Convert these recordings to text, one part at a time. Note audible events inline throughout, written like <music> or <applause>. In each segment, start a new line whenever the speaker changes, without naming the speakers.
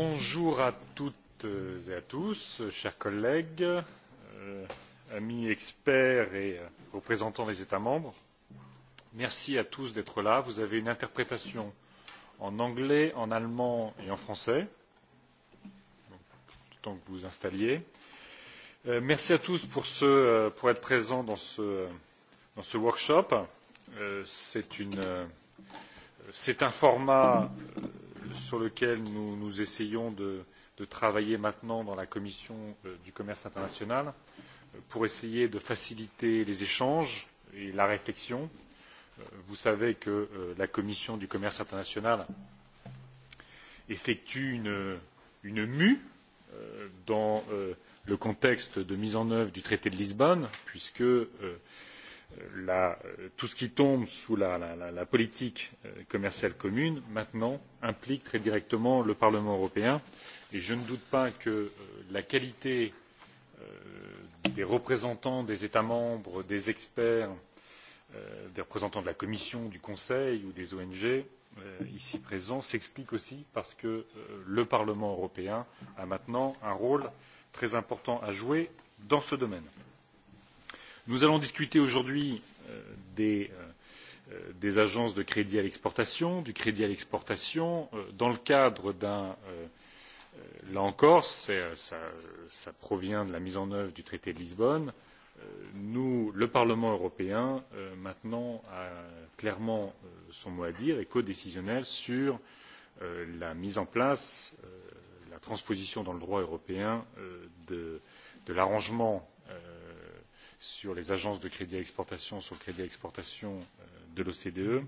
Bonjour à toutes et à tous, chers collègues, euh, amis experts et représentants des États membres. Merci à tous d'être là. Vous avez une interprétation en anglais, en allemand et en français, tout temps que vous vous installiez. Euh, merci à tous pour, ce, euh, pour être présents dans ce, dans ce workshop. C'est un format sur lequel nous, nous essayons de, de, travailler maintenant dans la commission euh, du commerce international euh, pour essayer de faciliter les échanges et la réflexion. Euh, vous savez que la commission du commerce international effectue une, une mue dans le contexte de mise en œuvre du traité de Lisbonne, puisque la, tout ce qui tombe sous la, la, la politique euh, commerciale commune maintenant implique très directement le parlement européen et je ne doute pas que euh, la qualité euh, des représentants des états membres des experts des représentants de la commission du conseil ou des ong ici présents s'explique aussi parce que le parlement européen a maintenant un rôle très important à jouer dans ce domaine nous allons discuter aujourd'hui euh, euh, euh, des, agences de crédit à l'exportation du crédit à l'exportation dans le cadre d'un là encore cela provient de la mise en œuvre du traité de lisbonne le parlement européen maintenant a clairement son mot à dire et codécisionnel sur la mise en place la transposition dans le droit européen de l'arrangement sur les agences de crédit à exportation, sur le crédit à exportation euh, de l'OCDE.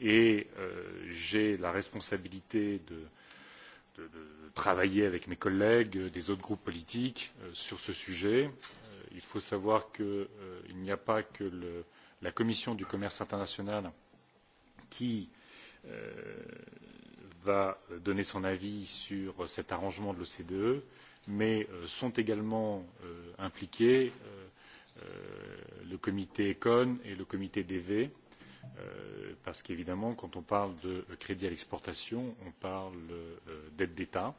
Et euh, j'ai la responsabilité de, de, de travailler avec mes collègues euh, des autres groupes politiques sur ce sujet. Il faut savoir qu'il n'y a pas que le, la Commission du commerce international qui va donner son avis sur cet arrangement de l'OCDE, mais sont également impliqués Euh, le comité econ et le comité dv euh, parce qu'évidemment quand on parle de crédit à l'exportation on parle euh, d'aide d'état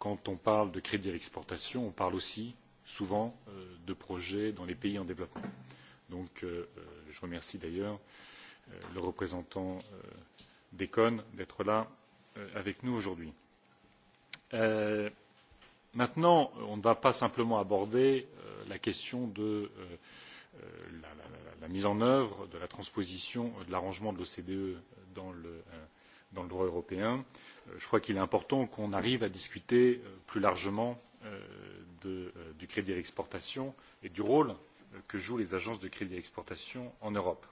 quand on parle de crédit à l'exportation on parle aussi souvent de projets dans les pays en développement. donc je remercie d'ailleurs le représentant d'econ d'être là avec nous aujourd'hui maintenant on ne va pas simplement aborder euh, la question de euh, euh, la, mise en œuvre de la transposition de l'arrangement de l'ocde dans, le droit européen je crois qu'il est important qu'on arrive à discuter plus largement du crédit à l'exportation et du rôle que jouent les agences de crédit à l'exportation en europe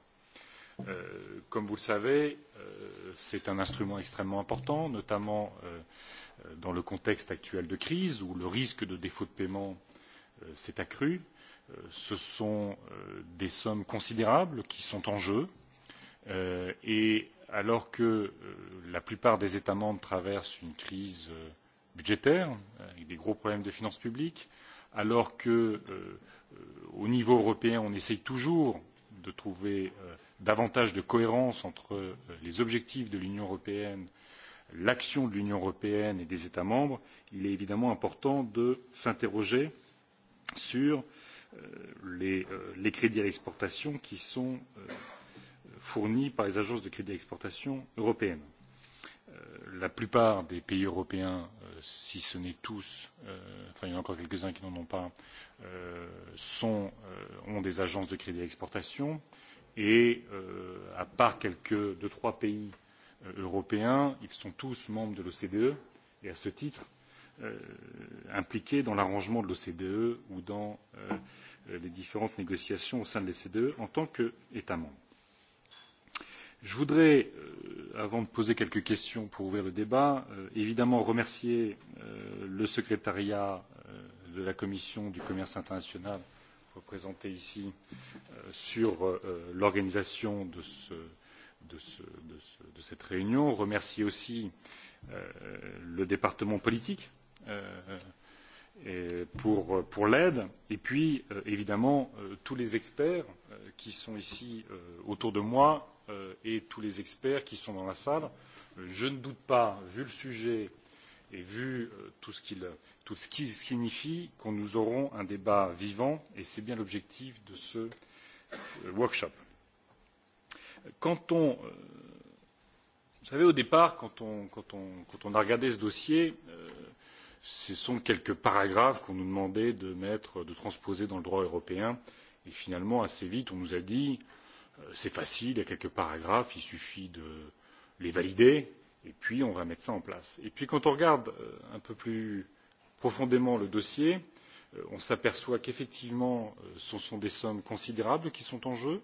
Euh, comme vous le savez, euh, c'est un instrument extrêmement important, notamment euh, dans le contexte actuel de crise où le risque de défaut de paiement s'est accru. Ce sont des sommes considérables qui sont en jeu et alors que la plupart des États membres traversent une crise budgétaire avec des gros problèmes de finances publiques, alors qu'au niveau européen on essaie toujours de trouver euh, davantage de cohérence entre euh, les objectifs de l'union européenne l'action de l'union européenne et des états membres il est évidemment important de s'interroger sur euh, les, les crédits à l'exportation qui sont fournis par les agences de crédit à l'exportation européennes. la plupart des pays européens si ce n'est tous, euh, enfin il y en a encore quelques-uns qui n'en ont pas, euh, sont, euh, ont des agences de crédit à exportation et à part quelques deux trois pays européens, ils sont tous membres de l'OCDE et à ce titre impliqués dans l'arrangement de l'OCDE ou dans les différentes négociations au sein de l'OCDE en tant qu'États membres je voudrais euh, avant de poser quelques questions pour ouvrir le débat euh, évidemment remercier euh, le secrétariat de la commission du commerce international représenté ici sur l'organisation de, ce, de, ce, de, ce, de cette réunion remercier aussi le département politique pour, pour l'aide et puis évidemment tous les experts qui sont ici autour de moi Euh, et tous les experts qui sont dans la salle. Je ne doute pas, vu le sujet et vu euh, tout ce qu'il signifie, que nous aurons un débat vivant et c'est bien l'objectif de ce euh, workshop. Quand on, vous savez, au départ, quand on, quand on, quand on a regardé ce dossier, ce sont quelques paragraphes qu'on nous demandait de, mettre, de transposer dans le droit européen. Et finalement, assez vite, on nous a dit euh, Euh, c'est facile, il y a quelques paragraphes, il suffit de les valider, et puis on va mettre ça en place. Et puis quand on regarde euh, un peu plus profondément le dossier, euh, on s'aperçoit qu'effectivement, ce sont des sommes considérables qui sont en jeu.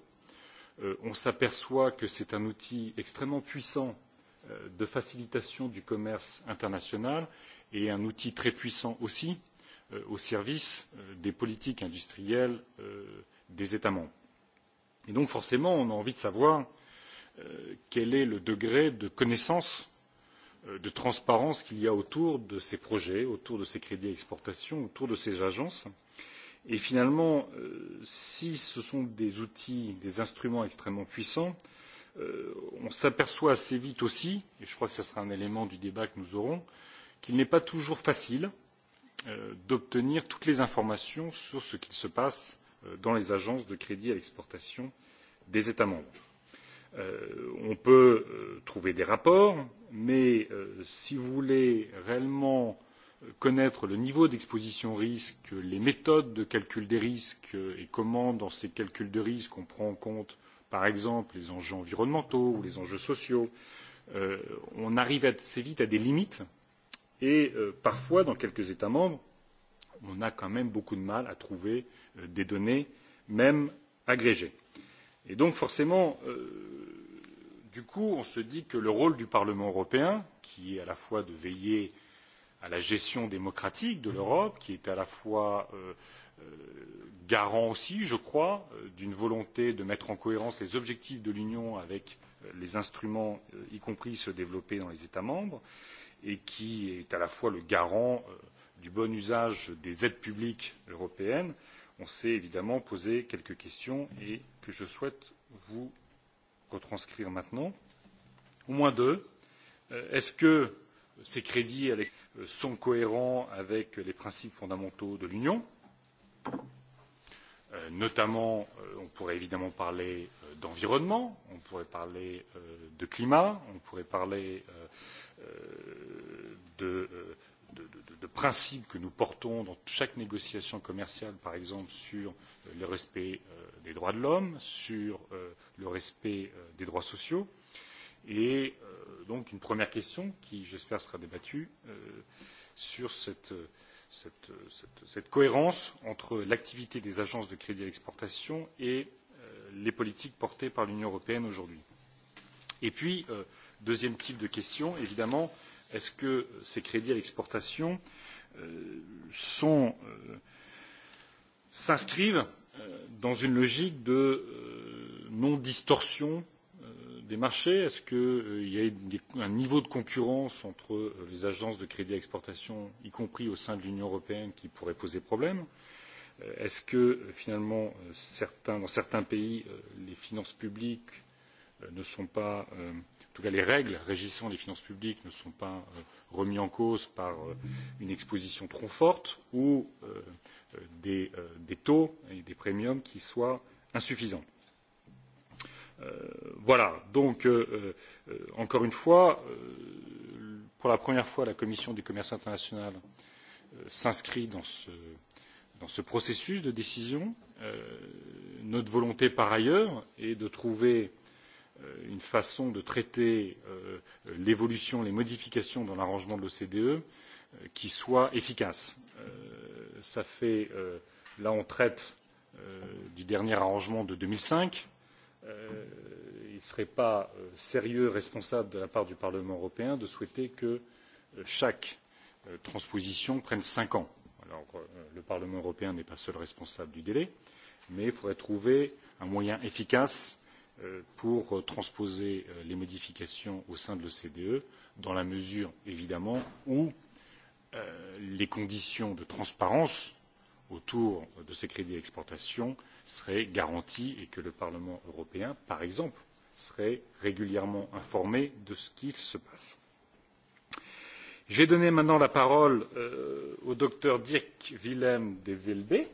On s'aperçoit que c'est un outil extrêmement puissant de facilitation du commerce international et un outil très puissant aussi au service des politiques industrielles des États membres Et donc forcément, on a envie de savoir euh, quel est le degré de connaissance, euh, de transparence qu'il y a autour de ces projets, autour de ces crédits à exportation, autour de ces agences. Et finalement, euh, si ce sont des outils, des instruments extrêmement puissants, on s'aperçoit assez vite aussi, et je crois que ce sera un élément du débat que nous aurons, qu'il n'est pas toujours facile d'obtenir toutes les informations sur ce qu'il se passe Euh, dans les agences de crédit à l'exportation des états membres. Euh, on peut euh, trouver des rapports mais si vous voulez réellement connaître le niveau d'exposition risque les méthodes de calcul des risques et comment dans ces calculs de risque on prend en compte par exemple les enjeux environnementaux ou les enjeux sociaux euh, on arrive assez vite à des limites et euh, parfois dans quelques états membres on a quand même beaucoup de mal à trouver des données même agrégées. et donc forcément euh, du coup on se dit que le rôle du parlement européen qui est à la fois de veiller à la gestion démocratique de l'europe qui est à la fois euh, euh, garant aussi je crois d'une volonté de mettre en cohérence les objectifs de l'union avec les instruments y compris ceux développés dans les états membres et qui est à la fois le garant du bon usage des aides publiques européennes on s'est évidemment posé quelques questions et que je souhaite vous retranscrire maintenant au moins deux euh, est ce que ces crédits euh, sont cohérents avec les principes fondamentaux de l'union euh, notamment on pourrait évidemment parler d'environnement on pourrait parler de climat on pourrait parler de de, de, de principes que nous portons dans chaque négociation commerciale, par exemple sur euh, le respect euh, des droits de l'homme, sur euh, le respect des droits sociaux. Et donc une première question qui, j'espère, sera débattue sur cette, cette, cette, cette cohérence entre l'activité des agences de crédit à l'exportation et les politiques portées par l'Union européenne aujourd'hui. Et puis, deuxième type de question, évidemment, euh, Est-ce que ces crédits à l'exportation euh, euh, s'inscrivent euh, dans une logique de non-distorsion des marchés Est-ce qu'il y a un niveau de concurrence entre les agences de crédit à exportation, y compris au sein de l'Union européenne, qui pourrait poser problème Est-ce que finalement, certains, dans certains pays, les finances publiques ne sont pas euh, en tout cas les règles régissant les finances publiques ne sont pas euh, remises en cause par euh, une exposition trop forte ou des, des taux et des premiums qui soient insuffisants. voilà donc encore une fois pour la première fois la commission du commerce international s'inscrit dans ce, dans ce processus de décision. notre volonté par ailleurs est de trouver Euh, une façon de traiter euh, l'évolution les modifications dans l'arrangement de l'ocde euh, qui soit efficace. Ça fait, là on traite du dernier arrangement de deux mille cinq il ne serait pas sérieux et responsable de la part du parlement européen de souhaiter que chaque transposition prenne cinq ans. Alors, le parlement européen n'est pas seul responsable du délai mais il faudrait trouver un moyen efficace Euh, pour transposer euh, les modifications au sein de l'OCDE, dans la mesure, évidemment, où euh, les conditions de transparence autour de ces crédits d'exportation seraient garanties et que le Parlement européen, par exemple, serait régulièrement informé de ce qu'il se passe. Je vais donner maintenant la parole euh, au docteur Dirk Willem de Velde.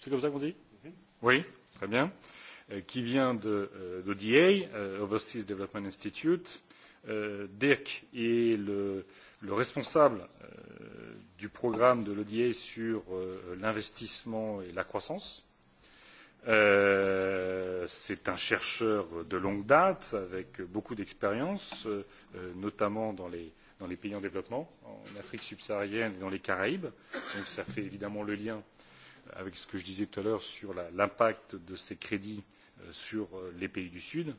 C'est comme ça qu'on dit Oui, très bien. Euh, Euh, qui vient de l'ODA, euh, euh, overseas development institute dirk est le, le responsable du programme de l'oda sur l'investissement et la croissance. c'est un chercheur de longue date avec beaucoup d'expérience notamment dans les dans les pays en développement, en Afrique subsaharienne et dans les Caraïbes. Donc ça fait évidemment le lien avec ce que je disais tout à l'heure sur l'impact de ces crédits sur euh, les pays du Sud.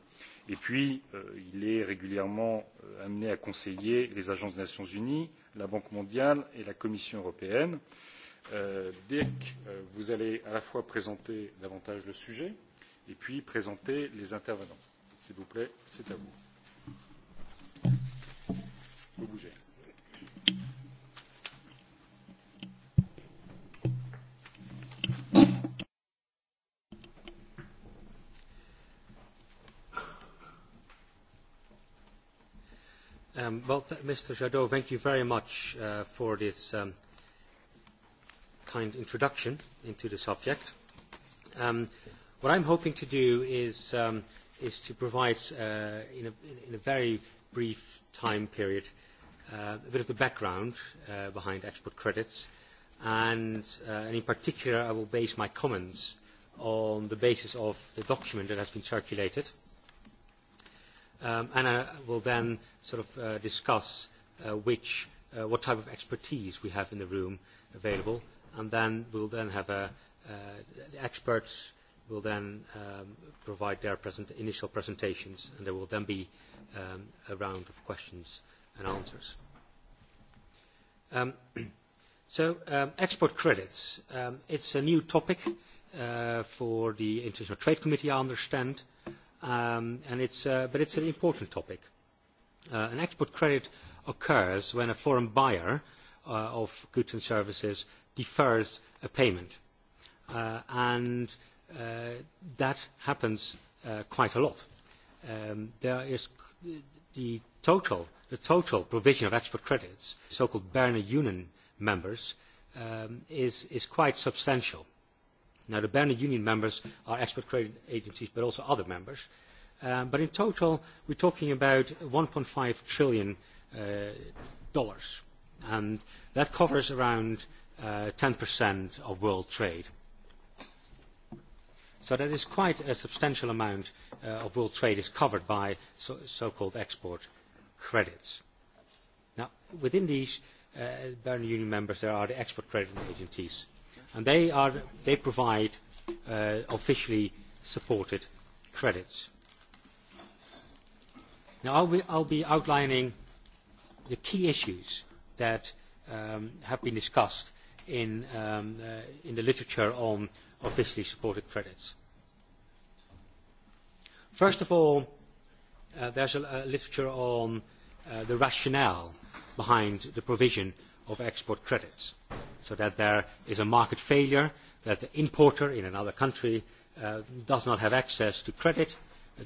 Et puis, euh, il est régulièrement euh, amené à conseiller les agences des Nations Unies, la Banque mondiale et la Commission européenne. Dirk, vous allez à la fois présenter davantage le sujet et puis présenter les intervenants. S'il vous plaît, c'est à vous. Vous bougez.
Um, well, Mr. Jadot, thank you very much uh, for this um, kind introduction into the subject. Um, what I'm hoping to do is, um, is to provide, uh, in, a, in a very brief time period, uh, a bit of the background uh, behind export credits, and, uh, and in particular, I will base my comments on the basis of the document that has been circulated, Um, Anna will then sort of uh, discuss uh, which, uh, what type of expertise we have in the room available, and then we'll then have a, uh, the experts will then um, provide their present, initial presentations, and there will then be um, a round of questions and answers. Um, <clears throat> so, um, export credits. Um, it's a new topic uh, for the International Trade Committee, I understand. Uh, Um, and it's, uh, but it's an important topic. Uh, an export credit occurs when a foreign buyer uh, of goods and services defers a payment. Uh, and uh, that happens uh, quite a lot. Um, there is the total, the total provision of export credits, so-called Berner Union members, um, is, is quite substantial Now, the Berlin Union members are export credit agencies, but also other members. Um, but in total, we are talking about one five trillion uh, dollars, and that covers around uh, ten of world trade. So that is quite a substantial amount uh, of world trade is covered by so-called export credits. Now, within these Berlin Union members, there are the export credit agencies and they, are, they provide uh, officially supported credits. Now will be, be outlining the key issues that um, have been discussed um, uh, in, the literature on officially supported credits. First of all, uh, there is a, literature on the rationale behind the provision of export credits so that there is a market failure that the importer in another country uh, does not have access to credit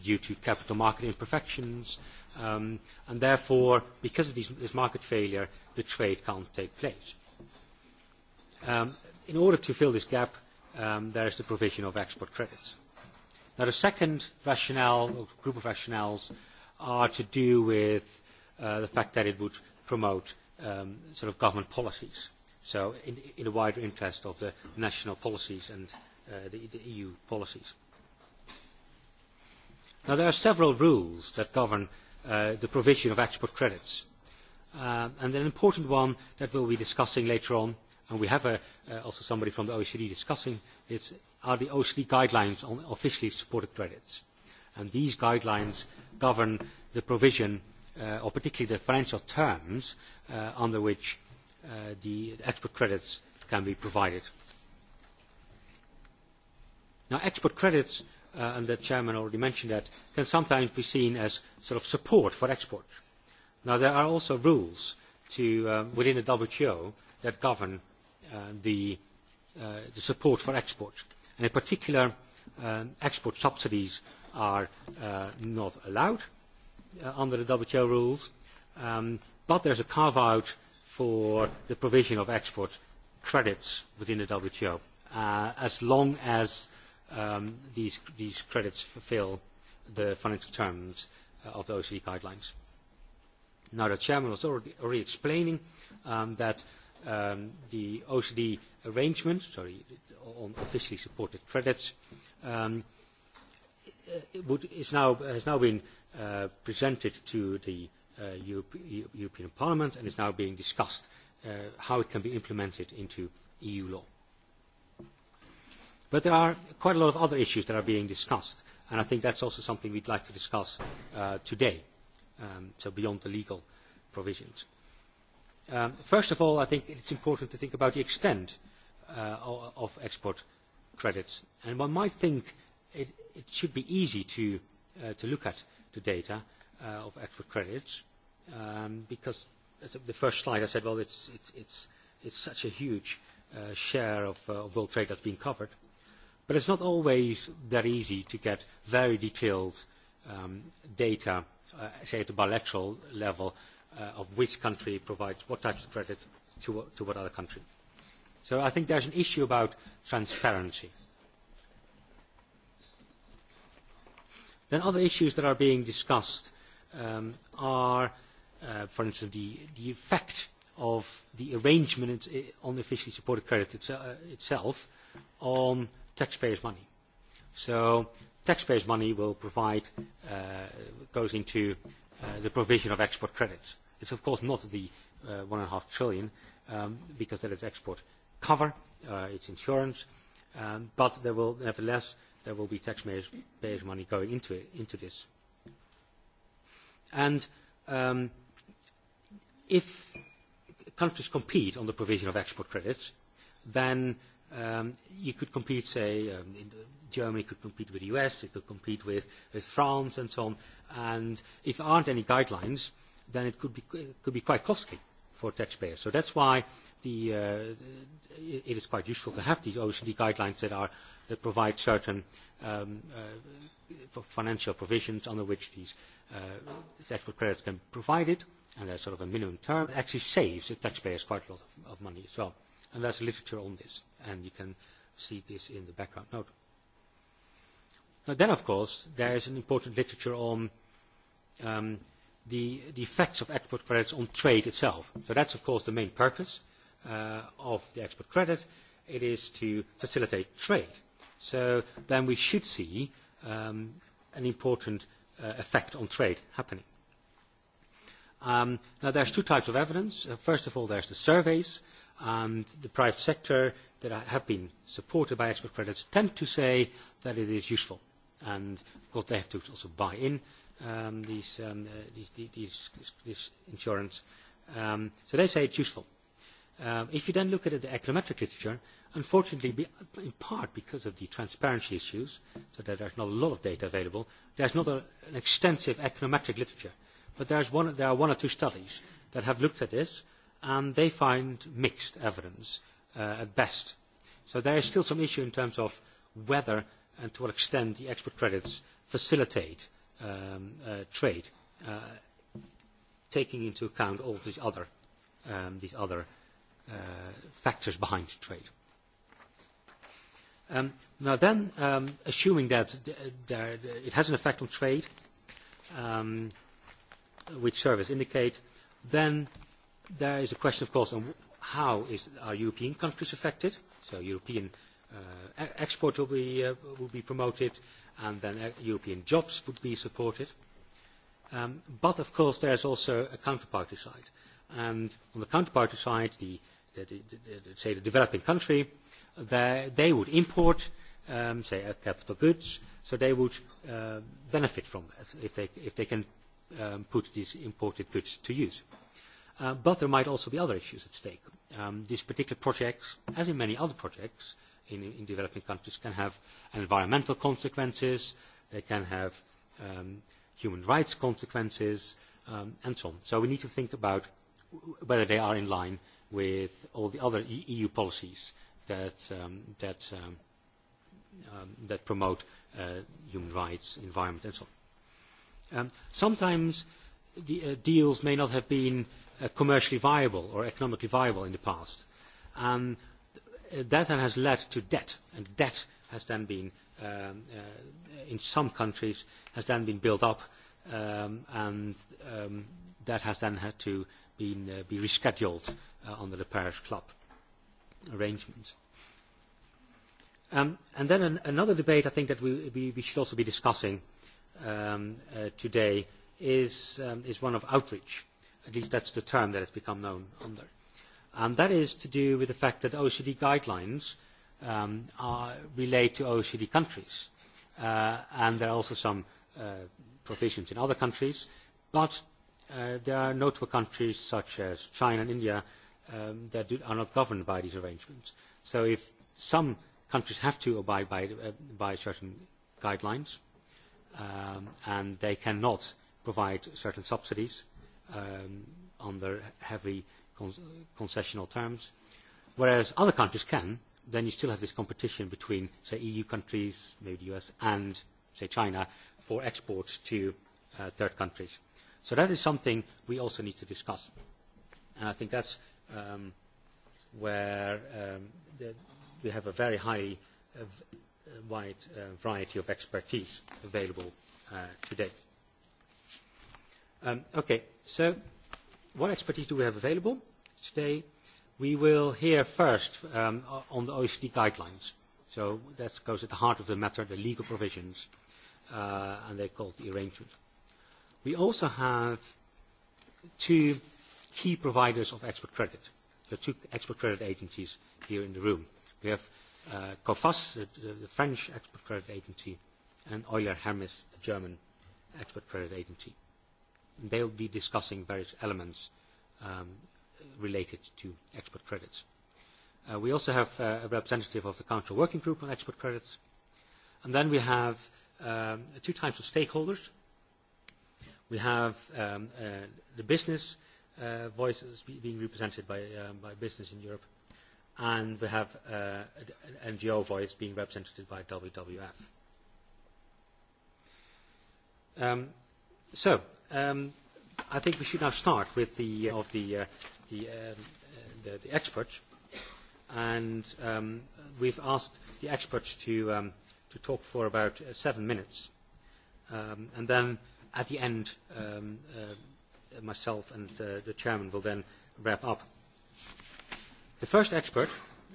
due to capital market imperfections um, and therefore because of these, this market failure the trade cannot take place. Um, in order to fill this gap um, there is the provision of export credits. Now, the second rationale or group of rationales are to do with uh, the fact that it would promote um, sort of government policies. So in, in the wider interest of the national policies and uh, the, the EU policies. Now there are several rules that govern uh, the provision of export credits. Um, and an important one that we will be discussing later on, and we have a, uh, also somebody from the OECD discussing, is, are the OECD guidelines on officially supported credits. And these guidelines govern the provision uh, or particularly the financial terms uh, under which uh, the export credits can be provided. Now, export credits, uh, and the chairman already mentioned that, can sometimes be seen as sort of support for export. Now, there are also rules to, um, within the WTO that govern uh, the, the, support for export. And in particular, uh, export subsidies are not allowed, Uh, under the WTO rules, um, but there is a carve-out for the provision of export credits within the WTO, uh, as long as um, these, these credits fulfil the financial terms uh, of the OECD guidelines. Now, the chairman was already, already explaining um, that um, the OECD arrangement, sorry, on officially supported credits, um, it would, now, has now been Uh, presented to the uh, Europe, European Parliament and is now being discussed uh, how it can be implemented into EU law. But there are quite a lot of other issues that are being discussed, and I think that is also something we would like to discuss today, um, so beyond the legal provisions. Um, first of all, I think it is important to think about the extent uh, of export credits. And one might think it, it should be easy to, uh, to look at to data uh, of export credits um, because as the first slide I said, well, it's, it's, it's, it's such a huge uh, share of, uh, of world trade that's been covered. But it's not always that easy to get very detailed um, data, uh, say at the bilateral level, uh, of which country provides what types of credit to, to what other country. So I think there's an issue about transparency. Then other issues that are being discussed um, are, uh, for instance, the, the effect of the arrangement eh, on officially supported credit it's, uh, itself on taxpayers' money. So taxpayers' money will provide, uh, goes into uh, the provision of export credits. It's of course not the uh, one and a half trillion um, because that is export cover, uh, it's insurance, um, but there will nevertheless there will be taxpayers' money going into, it, into this. And um, if countries compete on the provision of export credits, then um, you could compete, say, um, in, Germany could compete with the US, it could compete with, with France and so on. And if there aren't any guidelines, then it could be, it could be quite costly for taxpayers. So that's why the, uh, it is quite useful to have these OECD guidelines that are that provide certain um, uh, financial provisions under which these uh, export credits can be provided, and there's sort of a minimum term. It actually saves the taxpayers quite a lot of, of money as well. And there's literature on this, and you can see this in the background note. Now then, of course, there is an important literature on um, the, the effects of export credits on trade itself. So that's, of course, the main purpose uh, of the export credit. It is to facilitate trade so then we should see um, an important uh, effect on trade happening. Um, now there's two types of evidence. Uh, first of all, there's the surveys. And the private sector that have been supported by export credits tend to say that it is useful. And of course, they have to also buy in um, these, um, uh, these, these, this insurance. Um, so they say it's useful. Um, if you then look at the econometric literature, Unfortunately, in part because of the transparency issues, so that there's not a lot of data available, there's not a, an extensive econometric literature. But there's one, there are one or two studies that have looked at this, and they find mixed evidence uh, at best. So there is still some issue in terms of whether and to what extent the export credits facilitate um, uh, trade, uh, taking into account all these other, um, these other uh, factors behind trade. Um, now then, um, assuming that there, it has an effect on trade, um, which surveys indicate, then there is a question, of course, on how is, are European countries affected? So European uh, e, export will be, uh, will be promoted, and then uh, European jobs would be supported. Um, but, of course, there is also a counterparty side. And on the counterparty side, the the, the, say the developing country, they would import, um, say, capital goods, so they would uh, benefit from that if they, if they can um, put these imported goods to use. Uh, but there might also be other issues at stake. Um, these particular projects, as in many other projects in, in developing countries, can have environmental consequences, they can have um, human rights consequences, um, and so on. So we need to think about whether they are in line with all the other EU e policies that, um, that, um, um, that promote uh, human rights, environment, and so on. Um, sometimes the, uh, deals may not have been uh, commercially viable or economically viable in the past. And um, that has led to debt, and debt has then been, um, uh, in some countries, has then been built up, um, and um, that has then had to been, uh, be rescheduled uh, under the Parish Club arrangement. Um, and then an, another debate I think that we, we, we should also be discussing um, uh, today is, um, is one of outreach. At least that's the term that has become known under. And that is to do with the fact that OECD guidelines um, are, relate to OECD countries. Uh, and there are also some uh, provisions in other countries. But Uh, there are notable countries such as China and India um, that do, are not governed by these arrangements. So if some countries have to abide by, uh, by certain guidelines um, and they cannot provide certain subsidies um, under heavy con concessional terms, whereas other countries can, then you still have this competition between, say, EU countries, maybe the US, and, say, China for exports to uh, third countries. Uh, so that is something we also need to discuss. And I think that's um, where um, the, we have a very high, uh, uh, wide uh, variety of expertise available uh, today. Um, okay, so what expertise do we have available today? We will hear first um, on the OECD guidelines. So that goes at the heart of the matter, the legal provisions, uh, and they're called the arrangement. We also have two key providers of export credit. the two export credit agencies here in the room. We have uh, COFAS, the, the French export credit agency, and Euler Hermes, the German export credit agency. And they'll be discussing various elements um, related to export credits. Uh, we also have uh, a representative of the Council Working Group on Export Credits. And then we have um, two types of stakeholders – We have um, uh, the business uh, voices being represented by, um, by business in Europe, and we have uh, an NGO voice being represented by WWF. Um, so, um, I think we should now start with the, uh, of the, uh, the, um, uh, the, the experts. And um, we've asked the experts to, um, to talk for about uh, seven minutes. Um, and then at the end, um, uh, myself and uh, the chairman will then wrap up. The first expert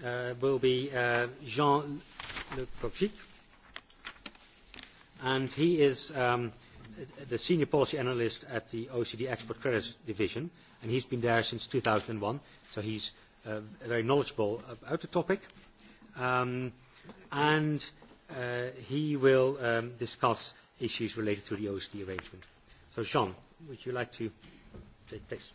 uh, will be uh, Jean Le Progic, and he is um, the senior policy analyst at the OECD Export Credit Division, and he's been there since 2001, so he's uh, very knowledgeable about the topic. Um, and uh, he will um, discuss issues related to the OECD arrangement. So, Jean, would you like to take this?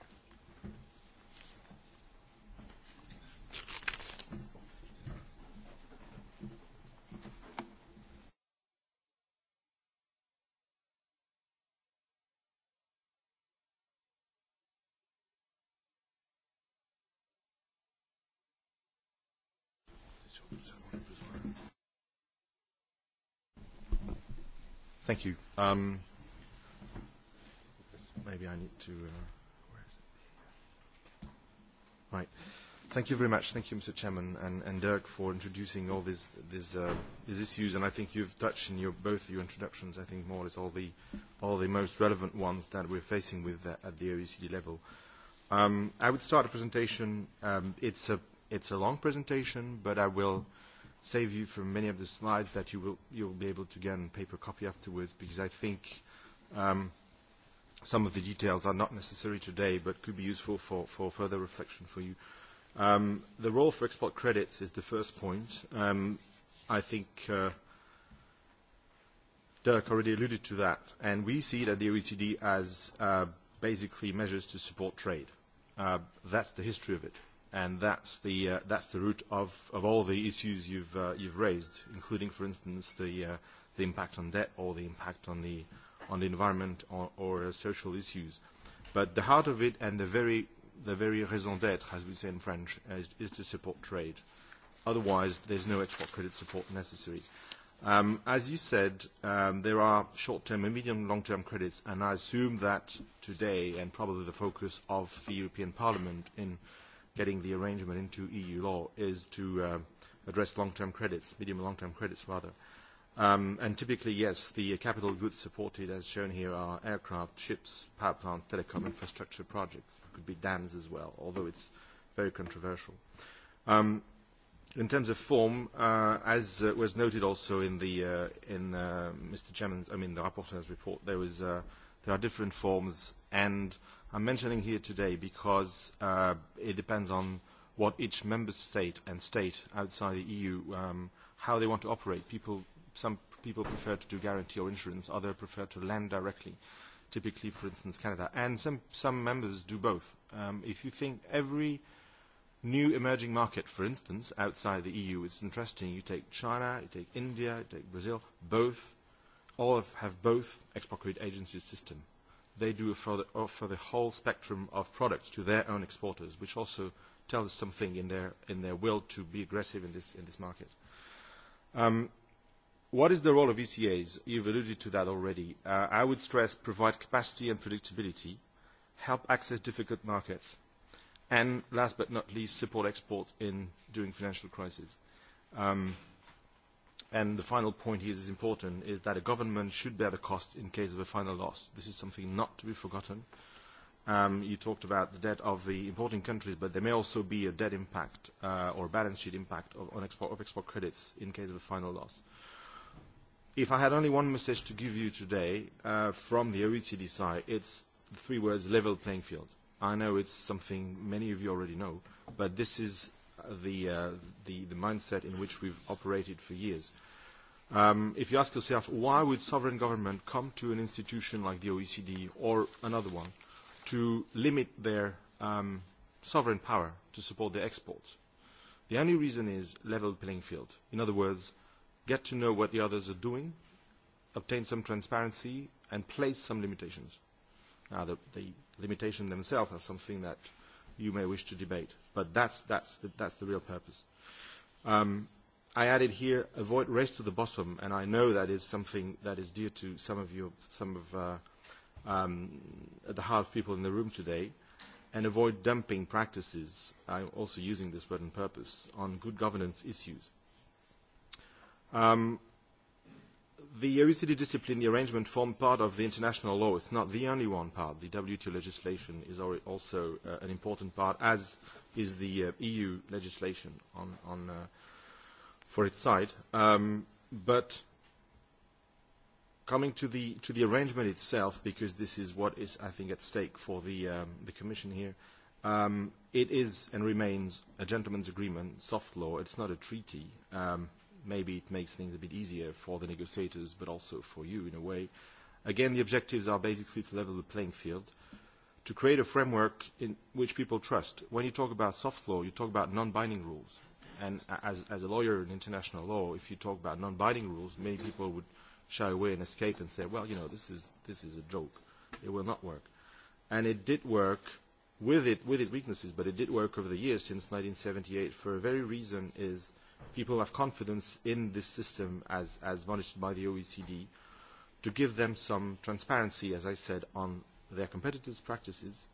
Thank you. Um, maybe I need to. Uh, where is it? Right. Thank you very much. Thank you, Mr. Chairman and, and Dirk, for introducing all these, these, uh, these issues. And I think you've touched in your, both your introductions, I think, more or less all the, all the most relevant ones that we're facing with that uh, at the OECD level. Um, I would start a presentation. Um, it's, a, it's a long presentation, but I will save you from many of the slides that you will you'll be able to get in paper copy afterwards because I think um, some of the details are not necessary today but could be useful for, for further reflection for you. Um, the role for export credits is the first point. Um, I think uh, Dirk already alluded to that, and we see it at the OECD as uh, basically measures to support trade. Uh, that's the history of it and that's the uh, that's the root of, of all the issues you've uh, you've raised, including, for instance, the uh, the impact on debt or the impact on the on the environment or, or uh, social issues. But the heart of it and the very the very raison d'être, as we say in French, uh, is, is to support trade. Otherwise, there's no export credit support necessary. Um, as you said, um, there are short-term and medium long-term credits, and I assume that today, and probably the focus of the European Parliament in getting the arrangement into EU law is to uh, address long-term credits, medium and long-term credits rather. Um, and typically, yes, the capital goods supported, as shown here, are aircraft, ships, power plants, telecom infrastructure projects. It could be dams as well, although it's very controversial. Um, in terms of form, uh, as uh, was noted also in the uh, in uh, Mr. Chairman's, I mean the rapporteur's report, there was uh, there are different forms and I'm mentioning here today because uh, it depends on what each member state and state outside the EU, um, how they want to operate. People, some people prefer to do guarantee or insurance, others prefer to lend directly, typically, for instance, Canada. And some, some members do both. Um, if you think every new emerging market, for instance, outside the EU, it's interesting. You take China, you take India, you take Brazil, both, all of, have both export credit agency system they do for the, uh, offer the whole spectrum of products to their own exporters, which also tells us something in their, in their will to be aggressive in this, in this market. Um, what is the role of ECAs? You've alluded to that already. Uh, I would stress provide capacity and predictability, help access difficult markets, and last but not least, support exports in, during financial crises. Um, And the final point here is important, is that a government should bear the cost in case of a final loss. This is something not to be forgotten. Um, you talked about the debt of the importing countries, but there may also be a debt impact uh, or balance sheet impact of, on export, of export credits in case of a final loss. If I had only one message to give you today uh, from the OECD side, it's the three words level playing field. I know it's something many of you already know, but this is the, uh, the, the mindset in which we've operated for years. Um, if you ask yourself, why would sovereign government come to an institution like the OECD or another one to limit their um, sovereign power to support their exports? The only reason is level playing field. In other words, get to know what the others are doing, obtain some transparency, and place some limitations. Now, the, the limitations themselves are something that you may wish to debate. But that's, that's, the, that's the real purpose. Um, I added here, avoid race to the bottom, and I know that is something that is dear to some of you, some of uh, um, at the heart of people in the room today, and avoid dumping practices, I'm also using this word on purpose, on good governance issues. Um, the OECD discipline, the arrangement formed part of the international law. It's not the only one part. The WTO legislation is also uh, an important part, as is the uh, EU legislation on, on, uh, for its side. Um, but coming to the, to the arrangement itself, because this is what is, I think, at stake for the, um, the Commission here, um, it is and remains a gentleman's agreement, soft law. It's not a treaty. Um, maybe it makes things a bit easier for the negotiators, but also for you in a way. Again, the objectives are basically to level the playing field, to create a framework in which people trust. When you talk about soft law, you talk about non-binding rules. And as, as a lawyer in international law, if you talk about non-binding rules, many people would shy away and escape and say, well, you know, this is, this is a joke. It will not work. And it did work with it, with its weaknesses, but it did work over the years since 1978 for a very reason is people have confidence in this system as, as monitored by the OECD, to give them some transparency, as I said, on their competitors' practices,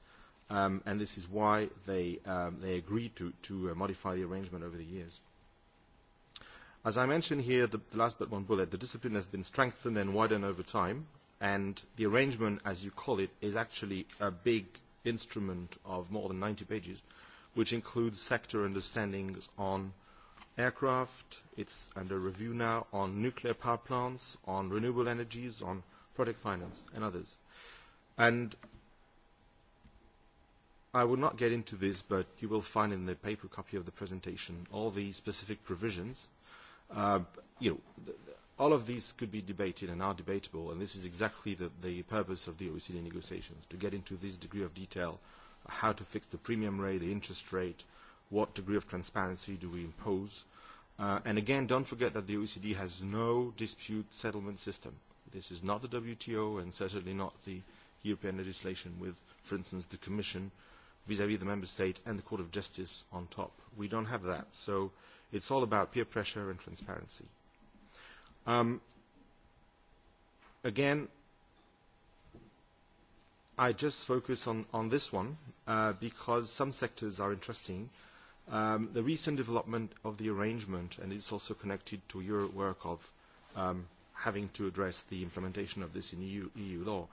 um, and this is why they, um, they agreed to, to uh, modify the arrangement over the years. As I mentioned here, the, the last but one bullet, the discipline has been strengthened and widened over time, and the arrangement, as you call it, is actually a big instrument of more than 90 pages, which includes sector understandings on aircraft. It's under review now on nuclear power plants, on renewable energies, on project finance, and others. And I will not get into this, but you will find in the paper copy of the presentation all the specific provisions. Uh, you know, all of these could be debated and are debatable, and this is exactly the, the purpose of the OECD negotiations, to get into this degree of detail how to fix the premium rate, the interest rate, uh, what degree of transparency do we impose? Uh, and again, don't forget that the OECD has no dispute settlement system. This is not the WTO and certainly not the European legislation with, for instance, the Commission vis-à-vis -vis the Member State and the Court of Justice on top. We don't have that. So it's all about peer pressure and transparency. Um, again, I just focus on, on this one uh, because some sectors are interesting. Um, the recent development of the arrangement, and it's also connected to your work of um, having to address the implementation of this in EU, EU law,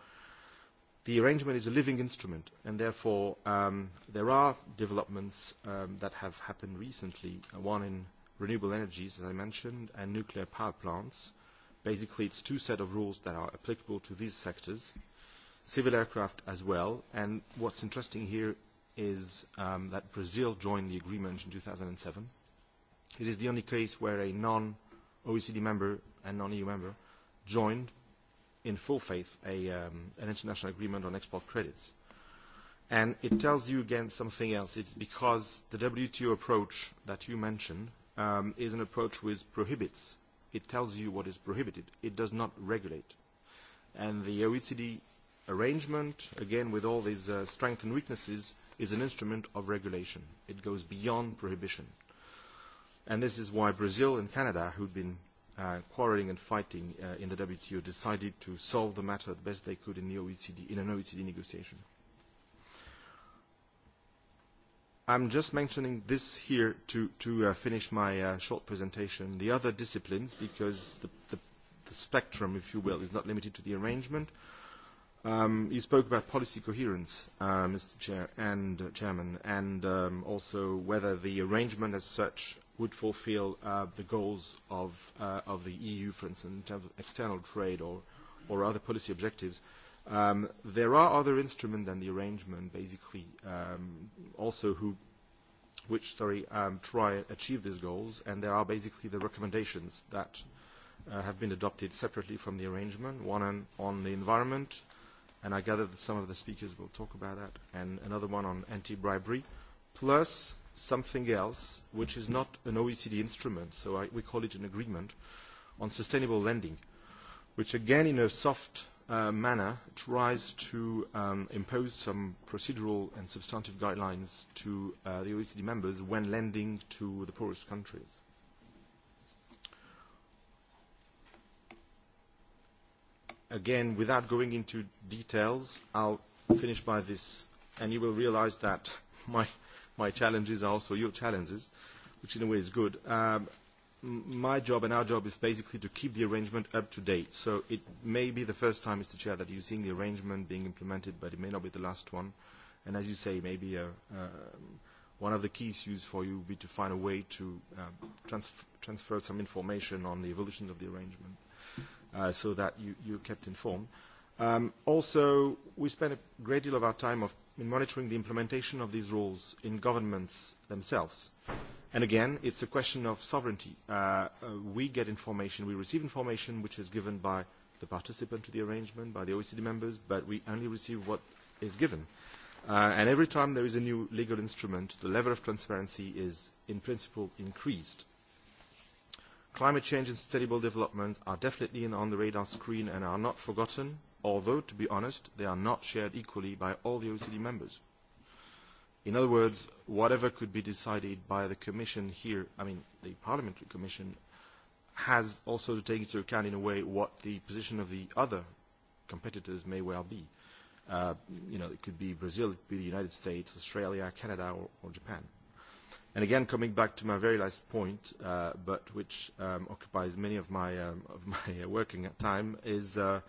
the arrangement is a living instrument, and therefore um, there are developments um, that have happened recently, uh, one in renewable energies, as I mentioned, and nuclear power plants. Basically, it's two set of rules that are applicable to these sectors, civil aircraft as well, and what's interesting here is um, that Brazil joined the agreement in 2007. It is the only case where a non-OECD member and non-EU member joined in full faith a, um, an international agreement on export credits. And it tells you again something else. It's because the WTO approach that you mentioned um, is an approach which prohibits. It tells you what is prohibited. It does not regulate. And the OECD arrangement, again with all these uh, strengths and weaknesses, is an instrument of regulation. It goes beyond prohibition. And this is why Brazil and Canada, who'd been uh, quarreling and fighting uh, in the WTO, decided to solve the matter the best they could in, the OECD, in an OECD negotiation. I'm just mentioning this here to, to uh, finish my uh, short presentation. The other disciplines, because the, the, the spectrum, if you will, is not limited to the arrangement. Uh, Um, you spoke about policy coherence, uh, Mr. Chair and uh, Chairman, and um, also whether the arrangement as such would fulfil uh, the goals of, uh, of the EU, for instance, in terms of external trade or, or other policy objectives. Um, there are other instruments than the arrangement, basically, um, also who, which sorry, um, try to achieve these goals, and there are basically the recommendations that uh, have been adopted separately from the arrangement, one on, on the environment, and I gather that some of the speakers will talk about that, and another one on anti-bribery, plus something else which is not an OECD instrument, so I, we call it an agreement on sustainable lending, which again in a soft uh, manner tries to um, impose some procedural and substantive guidelines to uh, the OECD members when lending to the poorest countries. again, without going into details, I'll finish by this, and you will realize that <laughs> my, my challenges are also your challenges, which in a way is good. Um, my job and our job is basically to keep the arrangement up to date. So it may be the first time, Mr. Chair, that you're seeing the arrangement being implemented, but it may not be the last one. And as you say, maybe uh, uh one of the key issues for you would be to find a way to uh, trans transfer some information on the evolution of the arrangement. Uh, so that you, are kept informed. Um, also, we spend a great deal of our time of, in monitoring the implementation of these rules in governments themselves. And again, it's a question of sovereignty. uh, uh we get information, we receive information which is given by the participant to the arrangement, by the OECD members, but we only receive what is given. Uh, and every time there is a new legal instrument, the level of transparency is, in principle, increased Climate change and sustainable development are definitely on the radar screen and are not forgotten, although, to be honest, they are not shared equally by all the OECD members. In other words, whatever could be decided by the Commission here, I mean the Parliamentary Commission, has also to take into account in a way what the position of the other competitors may well be. Uh, you know, it could be Brazil, it could be the United States, Australia, Canada, or, or Japan. And again, coming back to my very last point, uh, but which um, occupies many of my, um, of <laughs> my uh, working time, is uh,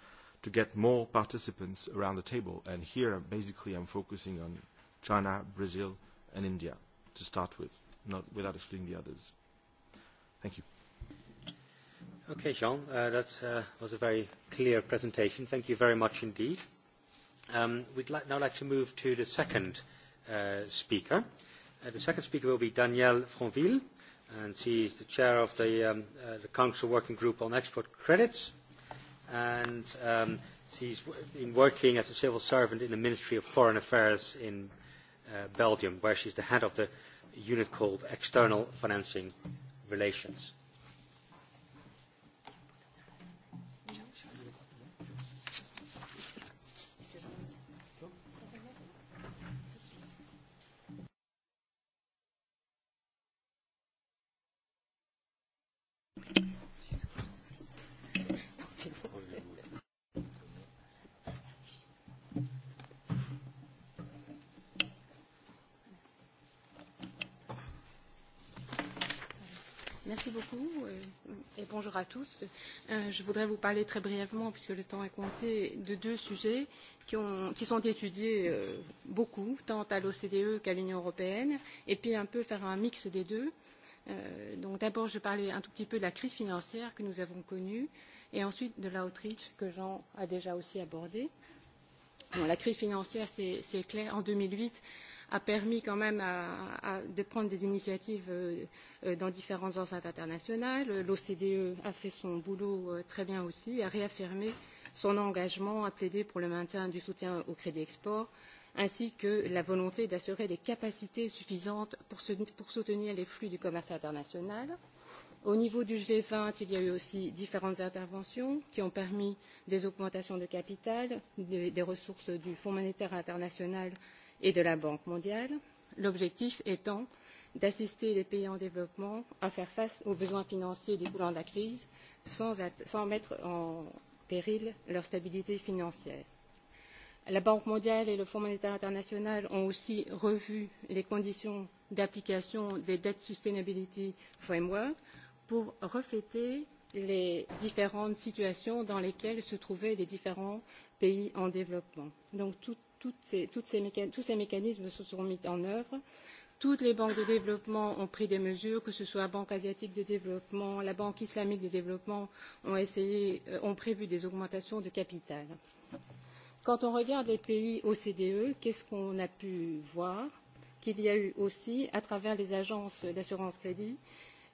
to get more participants around the table. And here, basically, I'm focusing on China, Brazil, and India to start with, not without excluding the others. Thank you.
Okay, Jean, uh, that uh, was a very clear presentation. Thank you very much indeed. Um, we'd li now like to move to the second uh, speaker. Uh, the second speaker will be Danielle Fronville, and she is the chair of the, um, uh, the Council Working Group on Export Credits. And um, she's been working as a civil servant in the Ministry of Foreign Affairs in uh, Belgium, where she's the head of the unit called External Financing Relations.
bonjour à tous. Euh, je voudrais vous parler très brièvement, puisque le temps est compté, de deux sujets qui, ont, qui sont étudiés euh, beaucoup, tant à l'OCDE qu'à l'Union européenne, et puis un peu faire un mix des deux. Euh, donc d'abord, je parlais un tout petit peu de la crise financière que nous avons connue, et ensuite de l'outreach que Jean a déjà aussi abordé. Bon, la crise financière, c'est clair, en 2008, a permis quand même à, à, de prendre des initiatives euh, euh, dans différentes enceintes internationales. L'OCDE a fait son boulot euh, très bien aussi, a réaffirmé son engagement à plaider pour le maintien du soutien au crédit export ainsi que la volonté d'assurer des capacités suffisantes pour, se, pour soutenir les flux du commerce international. Au niveau du g vingt, il y a eu aussi différentes interventions qui ont permis des augmentations de capital, des, des ressources du Fonds monétaire international et de la Banque mondiale, l'objectif étant d'assister les pays en développement à faire face aux besoins financiers découlant de la crise sans, mettre en péril leur stabilité financière. La Banque mondiale et le Fonds monétaire international ont aussi revu les conditions d'application des debt sustainability framework pour refléter les différentes situations dans lesquelles se trouvaient les différents pays en développement. Donc tout toutes ces, toutes ces tous ces mécanismes se sont mis en œuvre. Toutes les banques de développement ont pris des mesures, que ce soit la Banque asiatique de développement, la Banque islamique de développement, ont, essayé, euh, ont prévu des augmentations de capital. Quand on regarde les pays OCDE, qu'est-ce qu'on a pu voir Qu'il y a eu aussi, à travers les agences d'assurance crédit,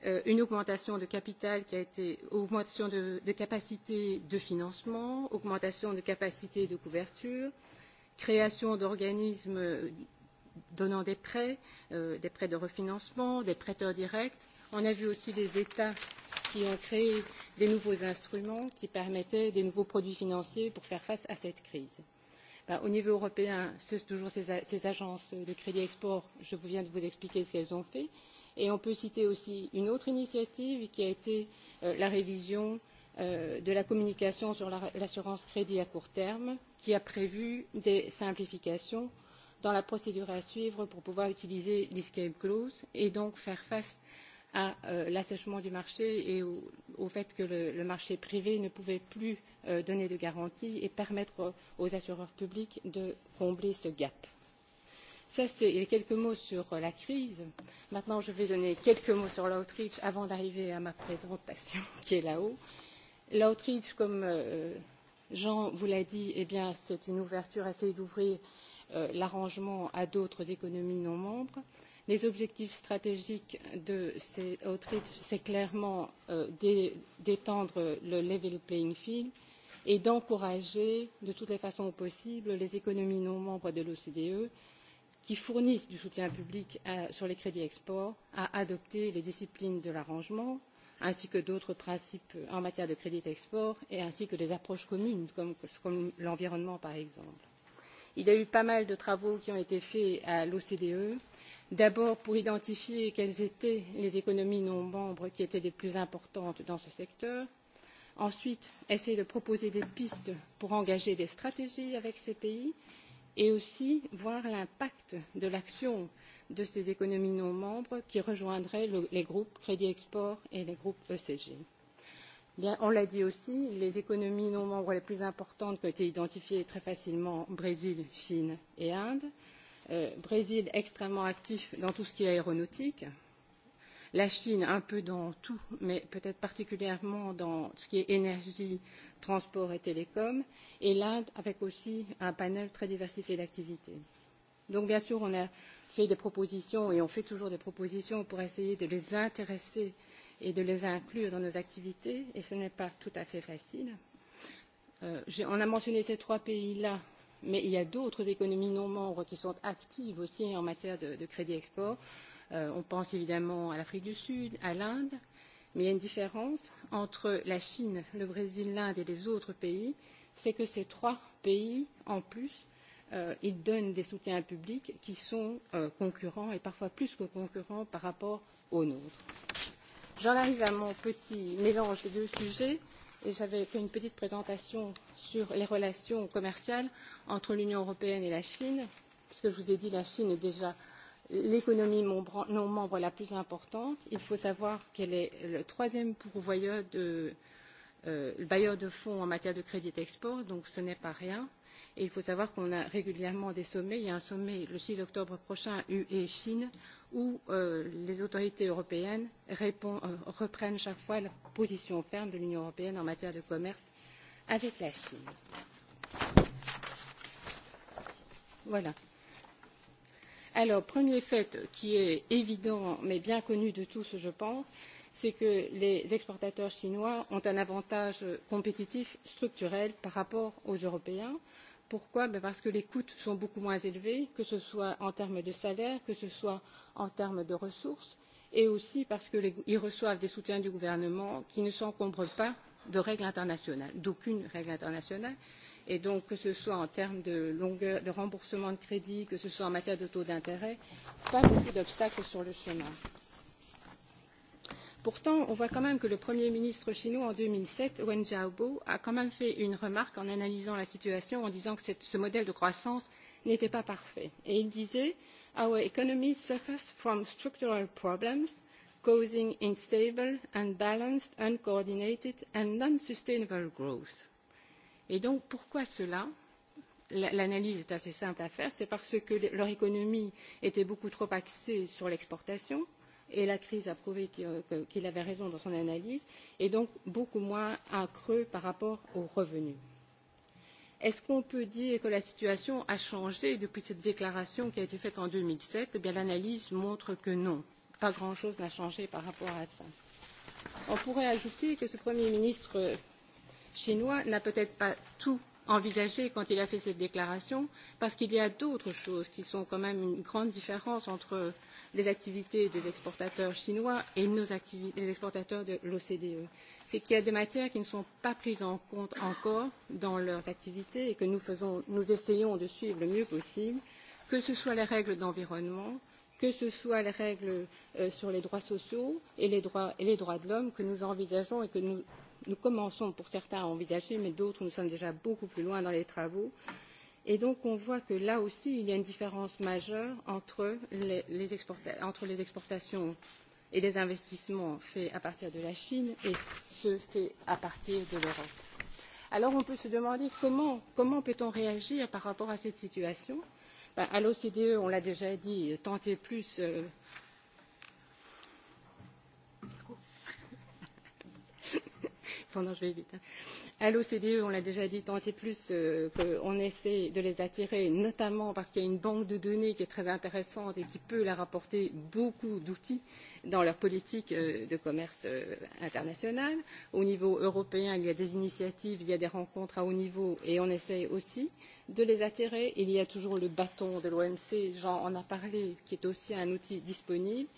euh, une augmentation de capital qui a été augmentation de, de capacité de financement, augmentation de capacité de couverture, création d'organismes euh, donnant des prêts, euh, des prêts de refinancement, des prêteurs directs. On a vu aussi des États qui ont créé des nouveaux instruments qui permettaient des nouveaux produits financiers pour faire face à cette crise. Ben, au niveau européen, c'est toujours ces, ces agences de crédit export, je viens de vous expliquer ce qu'elles ont fait. Et on peut citer aussi une autre initiative qui a été euh, la révision Euh, de la communication sur l'assurance crédit à court terme qui a prévu des simplifications dans la procédure à suivre pour pouvoir utiliser l'escape clause et donc faire face à euh, l'assèchement du marché et au, au fait que le, le, marché privé ne pouvait plus euh, donner de garanties et permettre aux assureurs publics de combler ce gap. Ça, c'est quelques mots sur la crise. Maintenant, je vais donner quelques mots sur l'outreach avant d'arriver à ma présentation <laughs> qui est là-haut. Euh, l'outreach comme euh, jean vous l'a dit eh c'est une ouverture essayer d'ouvrir euh, l'arrangement à d'autres économies non membres. les objectifs stratégiques de ces outreach c'est clairement euh, d'étendre le level playing field et d'encourager de toutes les façons possibles les économies non membres de l'ocde qui fournissent du soutien public sur les crédits export à adopter les disciplines de l'arrangement ainsi que d'autres principes en matière de crédit export et ainsi que des approches communes comme, l'environnement par exemple. Il y a eu pas mal de travaux qui ont été faits à l'OCDE, d'abord pour identifier quelles étaient les économies non membres qui étaient les plus importantes dans ce secteur, ensuite essayer de proposer des pistes pour engager des stratégies avec ces pays et aussi voir l'impact de l'action euh, de ces économies non membres qui rejoindraient le, les groupes Crédit Export et les groupes ECG. Bien, on l'a dit aussi, les économies non membres les plus importantes qui ont été identifiées très facilement Brésil, Chine et Inde. Euh, Brésil extrêmement actif dans tout ce qui est aéronautique. La Chine un peu dans tout, mais peut-être particulièrement dans ce qui est énergie, transport et télécom. Et l'Inde avec aussi un panel très diversifié d'activités. Donc bien sûr, on a fait des propositions et on fait toujours des propositions pour essayer de les intéresser et de les inclure dans nos activités et ce n'est pas tout à fait facile. Euh, on a mentionné ces trois pays-là, mais il y a d'autres économies non membres qui sont actives aussi en matière de, de crédit export. Euh, on pense évidemment à l'Afrique du Sud, à l'Inde, mais il y a une différence entre la Chine, le Brésil, l'Inde et les autres pays, c'est que ces trois pays, en plus, euh, donnent des soutiens publics qui sont euh, concurrents et parfois plus que concurrents par rapport aux nôtres. J'en arrive à mon petit mélange des deux sujets et j'avais fait une petite présentation sur les relations commerciales entre l'Union européenne et la Chine, puisque je vous ai dit la Chine est déjà l'économie non membre la plus importante. Il faut savoir qu'elle est le troisième pourvoyeur de, euh, bailleur de fonds en matière de crédit export, donc ce n'est pas rien. Euh, Et il faut savoir qu'on a régulièrement des sommets. Il y a un sommet le 6 octobre prochain, UE-Chine, où euh, les autorités européennes répond, euh, reprennent chaque fois leur position ferme de l'Union européenne en matière de commerce avec la Chine. Voilà. Alors, premier fait qui est évident mais bien connu de tous, je pense, c'est que les exportateurs chinois ont un avantage compétitif structurel par rapport aux Européens. Pourquoi Parce que les coûts sont beaucoup moins élevés, que ce soit en termes de salaire, que ce soit en termes de ressources, et aussi parce qu'ils reçoivent des soutiens du gouvernement qui ne s'encombrent pas de règles internationales, d'aucune règle internationale. Et donc, que ce soit en termes de longueur, de remboursement de crédit, que ce soit en matière de taux d'intérêt, pas beaucoup d'obstacles sur le chemin. Pourtant, on voit quand même que le Premier ministre chinois en deux mille sept, Wen Jiabao, a quand même fait une remarque en analysant la situation en disant que ce modèle de croissance n'était pas parfait. Et il disait Our economy suffers from structural problems causing unstable, unbalanced, uncoordinated and non-sustainable growth. Et donc, pourquoi cela L'analyse est assez simple à faire, c'est parce que leur économie était beaucoup trop axée sur l'exportation, et la crise a prouvé qu'il avait raison dans son analyse et donc beaucoup moins un creux par rapport aux revenus. est ce qu'on peut dire que la situation a changé depuis cette déclaration qui a été faite en deux mille sept? eh bien l'analyse montre que non pas grand chose n'a changé par rapport à cela. on pourrait ajouter que ce premier ministre chinois n'a peut être pas tout envisagé quand il a fait cette déclaration parce qu'il y a d'autres choses qui sont quand même une grande différence entre les activités des exportateurs chinois et nos les exportateurs de l'OCDE. C'est qu'il y a des matières qui ne sont pas prises en compte encore dans leurs activités et que nous, faisons, nous essayons de suivre le mieux possible, que ce soit les règles d'environnement, que ce soit les règles euh, sur les droits sociaux et les droits, et les droits de l'homme que nous envisageons et que nous, nous commençons pour certains à envisager, mais d'autres nous sommes déjà beaucoup plus loin dans les travaux. Et donc, on voit que là aussi, il y a une différence majeure entre les, les, exporta entre les exportations et les investissements faits à partir de la Chine et ceux faits à partir de l'Europe. Alors, on peut se demander comment, comment peut-on réagir par rapport à cette situation ben, À l'OCDE, on l'a déjà dit, euh, tenter plus. Euh... <laughs> Pendant, je vais vite. Hein À l'OCDE, on l'a déjà dit tant et plus euh, qu'on essaie de les attirer, notamment parce qu'il y a une banque de données qui est très intéressante et qui peut leur apporter beaucoup d'outils dans leur politique euh, de commerce euh, international. Au niveau européen, il y a des initiatives, il y a des rencontres à haut niveau et on essaie aussi de les attirer. Il y a toujours le bâton de l'OMC, Jean en a parlé, qui est aussi un outil disponible.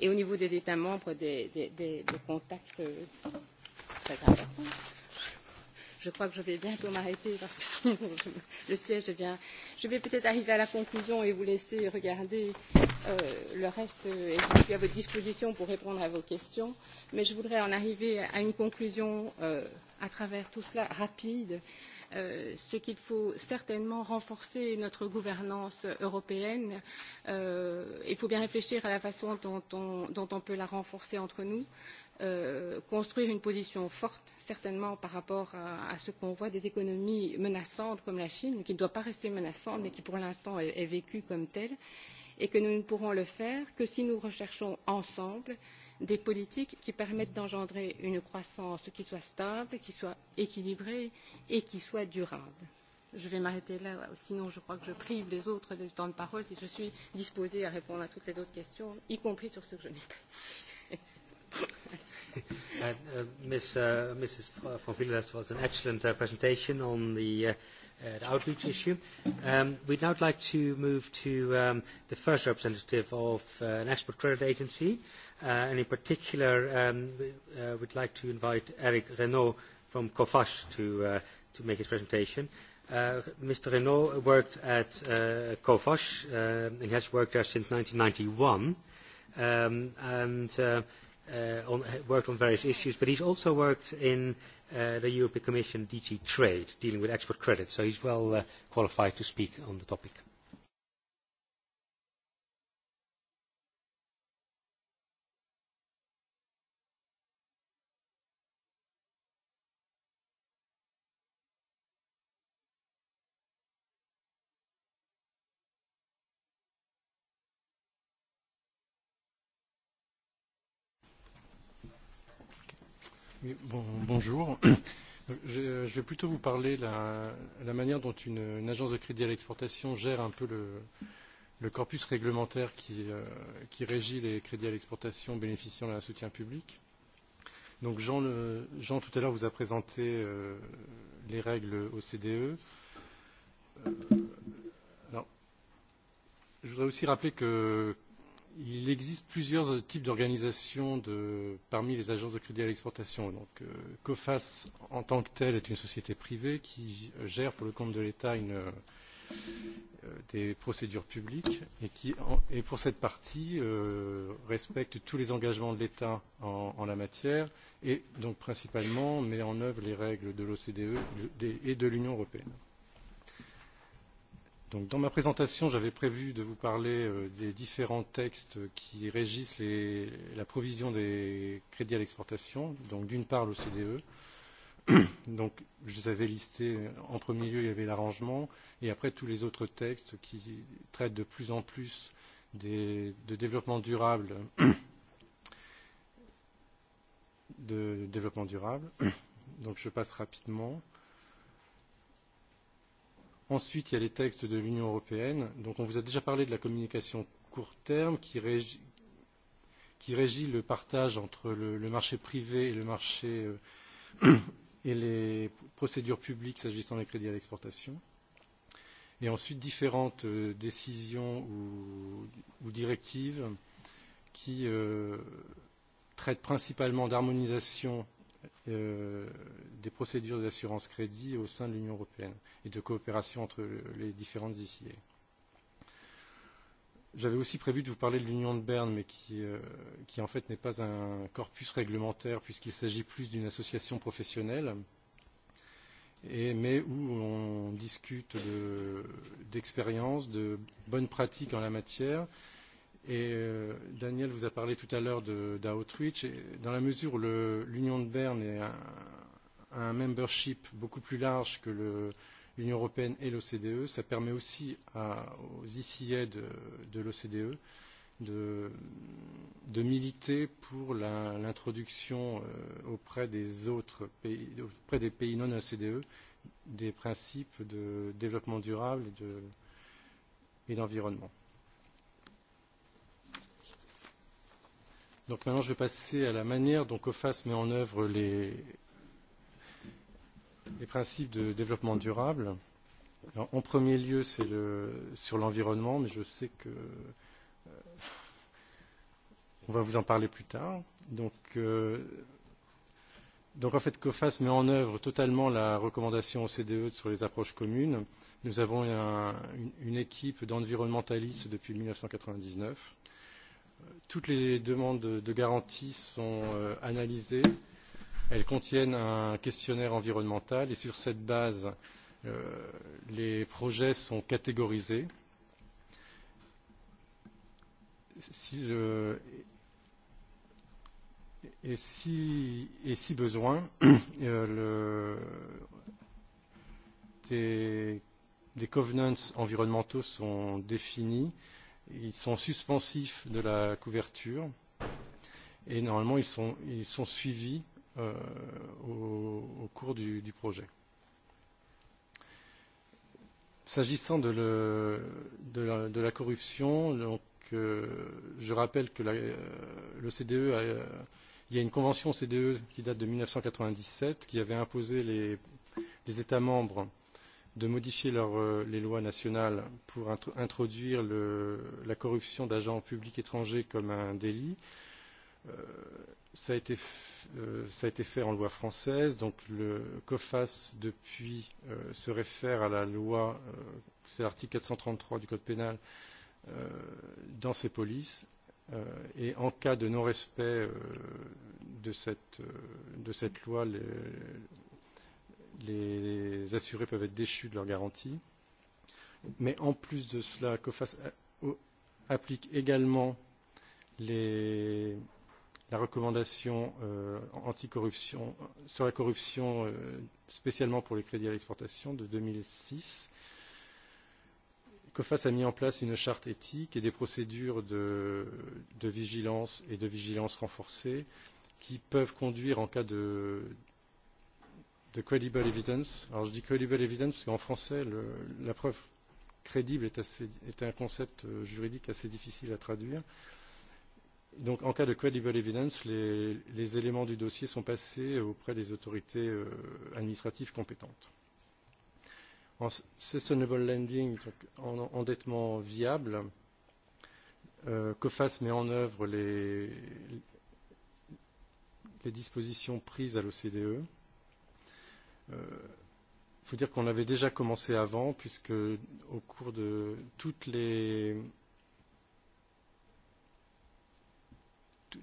Et au niveau des États membres, des, des, des, des contacts euh, très importants je crois que je vais bientôt m'arrêter parce que sinon le siège vient. Je vais peut-être arriver à la conclusion et vous laisser regarder euh, le reste et je suis à votre disposition pour répondre à vos questions. Mais je voudrais en arriver à une conclusion euh, à travers tout cela rapide. Euh, c'est qu'il faut certainement renforcer notre gouvernance européenne. Euh, il faut bien réfléchir à la façon dont on, dont on peut la renforcer entre nous. Euh, construire une position forte, certainement par rapport à, à ce qu'on voit des économies menaçantes comme la Chine, qui ne doit pas rester menaçante, mais qui pour l'instant est, est vécue comme telle, et que nous ne pourrons le faire que si nous recherchons ensemble des politiques qui permettent d'engendrer une croissance qui soit stable, qui soit équilibrée et qui soit durable. Je vais m'arrêter là, sinon je crois que je prive les autres du temps de parole et je suis disposée à répondre à toutes les autres questions, y compris sur ce que je n'ai pas dit. <laughs>
uh, Ms, uh, Mrs. von Villers was an excellent uh, presentation on the, uh, uh, the outreach issue. Um, we'd now like to move to um, the first representative of uh, an export credit agency, uh, and in particular, um, uh, we'd like to invite Eric Renault from COFAS to, uh, to make his presentation. Uh, Mr. Renault worked at uh, COFAS uh, um, and has worked there since 1991. Um, and uh, Uh, on, worked on various issues, but he has also worked in uh, the European Commission DG Trade, dealing with export credit, so he is well uh, qualified to speak on the topic.
Oui, bon, bonjour. Je, je vais plutôt vous parler de la, la manière dont une, une agence de crédit à l'exportation gère un peu le, le corpus réglementaire qui, euh, qui régit les crédits à l'exportation bénéficiant d'un soutien public. Donc Jean, le, Jean tout à l'heure vous a présenté euh, les règles OCDE. Euh, alors, je voudrais aussi rappeler que il existe plusieurs types d'organisations parmi les agences de crédit à l'exportation. Donc, euh, COFAS, en tant que telle, est une société privée qui gère pour le compte de l'État une, euh, des procédures publiques et qui, en, et pour cette partie, euh, respecte tous les engagements de l'État en, en la matière et donc principalement met en œuvre les règles de l'OCDE e, et de l'Union européenne dans ma présentation, j'avais prévu de vous parler euh, des différents textes qui régissent les, la provision des crédits à l'exportation, donc d'une part l'OCDE. <coughs> donc, je les avais listés en premier lieu, il y avait l'arrangement, et après tous les autres textes qui traitent de plus en plus des, de développement durable, <coughs> de développement durable. <coughs> Donc, je passe rapidement. Ensuite, il y a les textes de l'Union européenne. Donc, on vous a déjà parlé de la communication court terme qui régit, qui régit le partage entre le, le marché privé et le marché euh, <coughs> et les procédures publiques s'agissant des crédits à l'exportation. Et ensuite, différentes euh, décisions ou, ou directives qui euh, traitent principalement d'harmonisation Euh, des procédures d'assurance crédit au sein de l'Union européenne et de coopération entre les différentes ICA. J'avais aussi prévu de vous parler de l'Union de Berne, mais qui, euh, qui en fait n'est pas un corpus réglementaire puisqu'il s'agit plus d'une association professionnelle, et, mais où on discute d'expériences, de, de bonnes pratiques en la matière, euh, Et euh, Daniel vous a parlé tout à l'heure d'Outreach. Dans la mesure où l'Union de Berne est un, un membership beaucoup plus large que l'Union européenne et l'OCDE, ça permet aussi à, aux ICA e de, de l'OCDE de, de militer pour l'introduction euh, auprès des autres pays, auprès des pays non OCDE, des principes de développement durable et d'environnement. De, Donc maintenant, je vais passer à la manière dont COFAS met en œuvre les, les principes de développement durable. Alors, en premier lieu, c'est le, sur l'environnement, mais je sais que euh, on va vous en parler plus tard. Donc, euh, donc en fait, COFAS met en œuvre totalement la recommandation OCDE sur les approches communes. Nous avons un, une, une équipe d'environnementalistes depuis 1999 toutes les demandes de, garantie sont euh, analysées. Elles contiennent un questionnaire environnemental et sur cette base, euh, les projets sont catégorisés. Si, euh, et, si, et si besoin, <clears throat> euh, le, des, des covenants environnementaux sont définis ils sont suspensifs de la couverture et normalement ils sont, ils sont suivis euh, au, au cours du, du projet. S'agissant de, le, de, la, de la corruption, donc, euh, je rappelle que la, euh, le CDE a, euh, il y a une convention CDE qui date de 1997 qui avait imposé les, les États membres de modifier leur, euh, les lois nationales pour introduire le, la corruption d'agents publics étrangers comme un délit. Euh, ça, a été euh, ça a été fait en loi française, donc le COFAS depuis euh, se réfère à la loi, euh, c'est l'article 433 du Code pénal, euh, dans ses polices. Euh, et en cas de non-respect euh, de, cette, euh, de cette loi, les, les assurés peuvent être déchus de leur garantie. Mais en plus de cela, COFAS applique également les, la recommandation euh, anticorruption sur la corruption euh, spécialement pour les crédits à l'exportation de 2006. COFAS a mis en place une charte éthique et des procédures de, de vigilance et de vigilance renforcée qui peuvent conduire en cas de, de credible evidence. Alors je dis credible evidence parce qu'en français, le, la preuve crédible est, assez, est un concept euh, juridique assez difficile à traduire. Donc en cas de credible evidence, les, les éléments du dossier sont passés auprès des autorités euh, administratives compétentes. En sustainable lending, donc en endettement viable, euh, COFAS met en œuvre les, les dispositions prises à l'OCDE Il euh, faut dire qu'on avait déjà commencé avant, puisque au cours de toutes les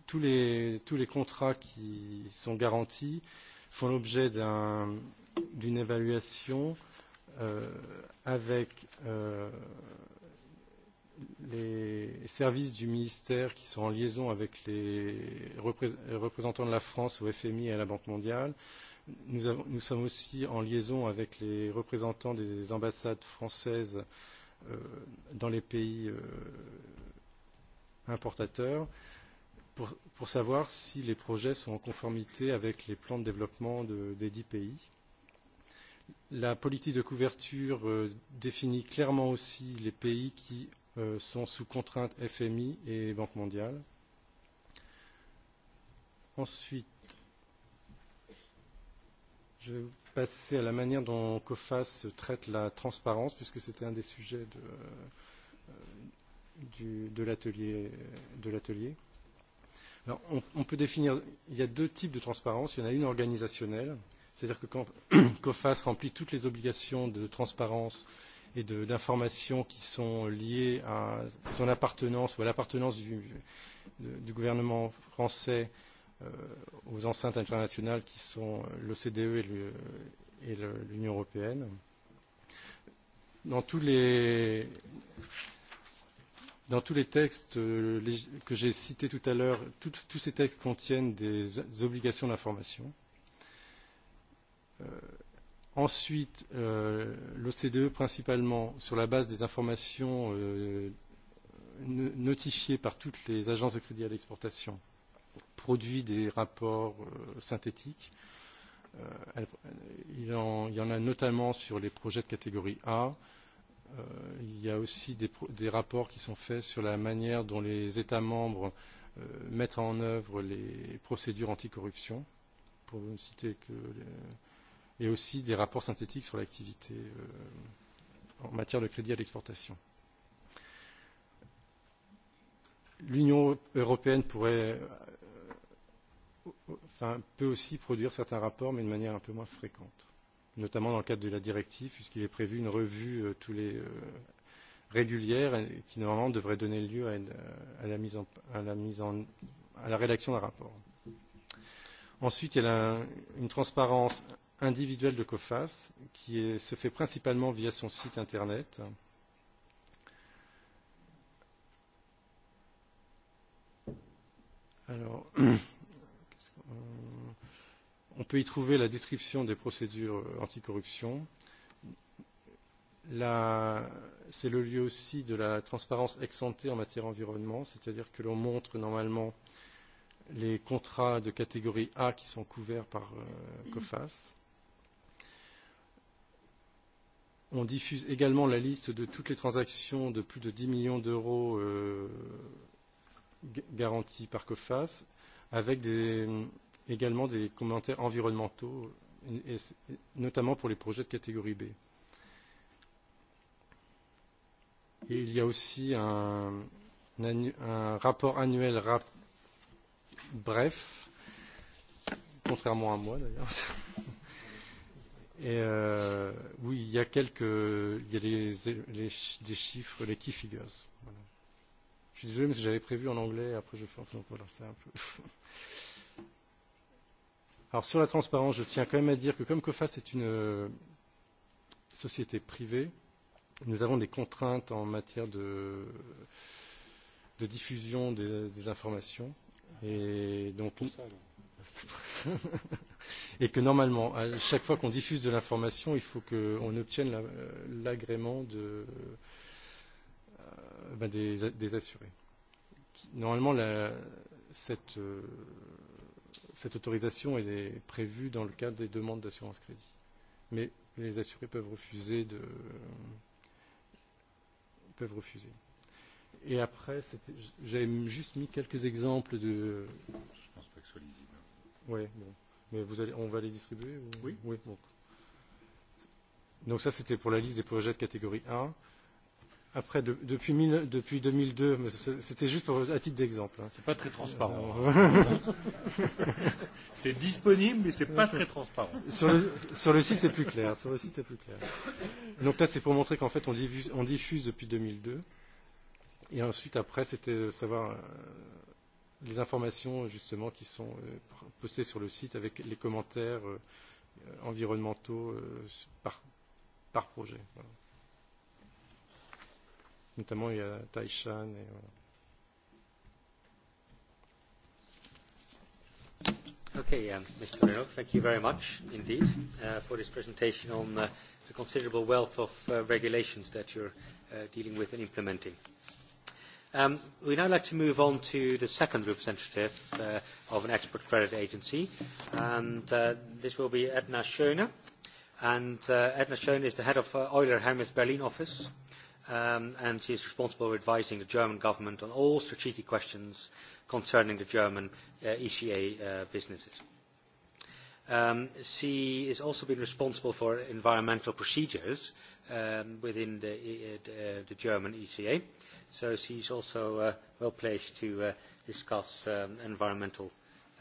tous les, tous les contrats qui sont garantis font l'objet d'une un, évaluation euh, avec euh, les services du ministère qui sont en liaison avec les représentants de la France au FMI et à la Banque mondiale. Euh, nous, avons, nous sommes aussi en liaison avec les représentants des ambassades françaises euh, dans les pays euh, importateurs pour, pour savoir si les projets sont en conformité avec les plans de développement de, des dix pays. La politique de couverture euh, définit clairement aussi les pays qui euh, sont sous contrainte FMI et Banque mondiale. Ensuite, je vais passer à la manière dont COFAS traite la transparence, puisque c'était un des sujets de, euh, de l'atelier. Alors, on, on peut définir, il y a deux types de transparence. Il y en a une organisationnelle, c'est-à-dire que quand <coughs> COFAS remplit toutes les obligations de transparence et d'informations qui sont liées à son appartenance ou à l'appartenance du, du gouvernement français euh, Euh, aux enceintes internationales qui sont l'OCDE et l'Union européenne. Dans tous les, dans tous les textes euh, que j'ai cités tout à l'heure, tous ces textes contiennent des obligations d'information. Euh, ensuite, euh, l'OCDE, principalement sur la base des informations euh, no, notifiées par toutes les agences de crédit à l'exportation, euh, produit des rapports euh, synthétiques. Euh, elle, il, en, il y en a notamment sur les projets de catégorie A. Euh, il y a aussi des, des rapports qui sont faits sur la manière dont les États membres euh, mettent en œuvre les procédures anticorruption, pour ne citer que les, et aussi des rapports synthétiques sur l'activité euh, en matière de crédit à l'exportation. L'Union européenne pourrait enfin, peut aussi produire certains rapports, mais de manière un peu moins fréquente, notamment dans le cadre de la directive, puisqu'il est prévu une revue euh, tous les, euh, régulière et qui normalement devrait donner lieu à, une, euh, à, la, mise en, à, la, mise en, à la rédaction d'un rapport. Ensuite, il y a la, une transparence individuelle de COFAS qui est, se fait principalement via son site Internet. Alors, <clears throat> on peut y trouver la description des procédures euh, anticorruption. C'est le lieu aussi de la transparence ex ante en matière environnement, c'est-à-dire que l'on montre normalement les contrats de catégorie A qui sont couverts par euh, COFAS. On diffuse également la liste de toutes les transactions de plus de 10 millions d'euros euh, garanties par COFAS avec des, également des commentaires environnementaux, et, notamment pour les projets de catégorie B. Et il y a aussi un, un, un rapport annuel rap, bref, contrairement à moi d'ailleurs. <laughs> Et euh, oui, il y a quelques, il y a les, les, les chiffres, les key figures. Voilà. Je suis désolé, mais j'avais prévu en anglais, après je fais en français, voilà, c'est un peu. <laughs> Alors sur la transparence, je tiens quand même à dire que comme COFAS est une euh, société privée, nous avons des contraintes en matière de, de diffusion des, des informations. Et donc, pour ça, <laughs> et que normalement, à chaque fois qu'on diffuse de l'information, il faut qu'on obtienne l'agrément de, euh, ben des, des assurés. Normalement, la, cette, euh, cette autorisation elle est prévue dans le cadre des demandes d'assurance crédit. Mais les assurés peuvent refuser de peuvent refuser. Et après, j'avais juste mis quelques exemples de. Je pense pas que ce soit lisible. Oui, bon. Mais vous allez, on va les distribuer ou... Oui. oui bon. Donc ça, c'était pour la liste des projets de catégorie 1 après de, depuis, mille, depuis 2002, mais c'était juste pour, à titre d'exemple.
Hein. C'est pas très transparent. <laughs> c'est disponible, mais c'est pas très transparent. Sur le, sur le site, c'est plus
clair. Sur le site, c'est plus clair. Donc là, c'est pour montrer qu'en fait, on diffuse, on diffuse depuis 2002. Et ensuite, après, c'était savoir euh, les informations justement qui sont euh, postées sur le site avec les commentaires euh, environnementaux par, par projet. Voilà notamment il y a Taishan et voilà.
Okay, um, Mr. Renault, thank you very much indeed uh, for this presentation on uh, the considerable wealth of uh, regulations that you're uh, dealing with and implementing. Um, we now like to move on to the second representative uh, of an export credit agency, and uh, this will be Edna Schoene. And uh, Edna Schöne is the head of uh, Euler Hermes Berlin office um, and she is responsible for advising the German government on all strategic questions concerning the German uh, ECA uh, businesses. Um, she has also been responsible for environmental procedures um, within the, e, uh, uh, the German ECA, so she is also uh, well placed to uh, discuss um, environmental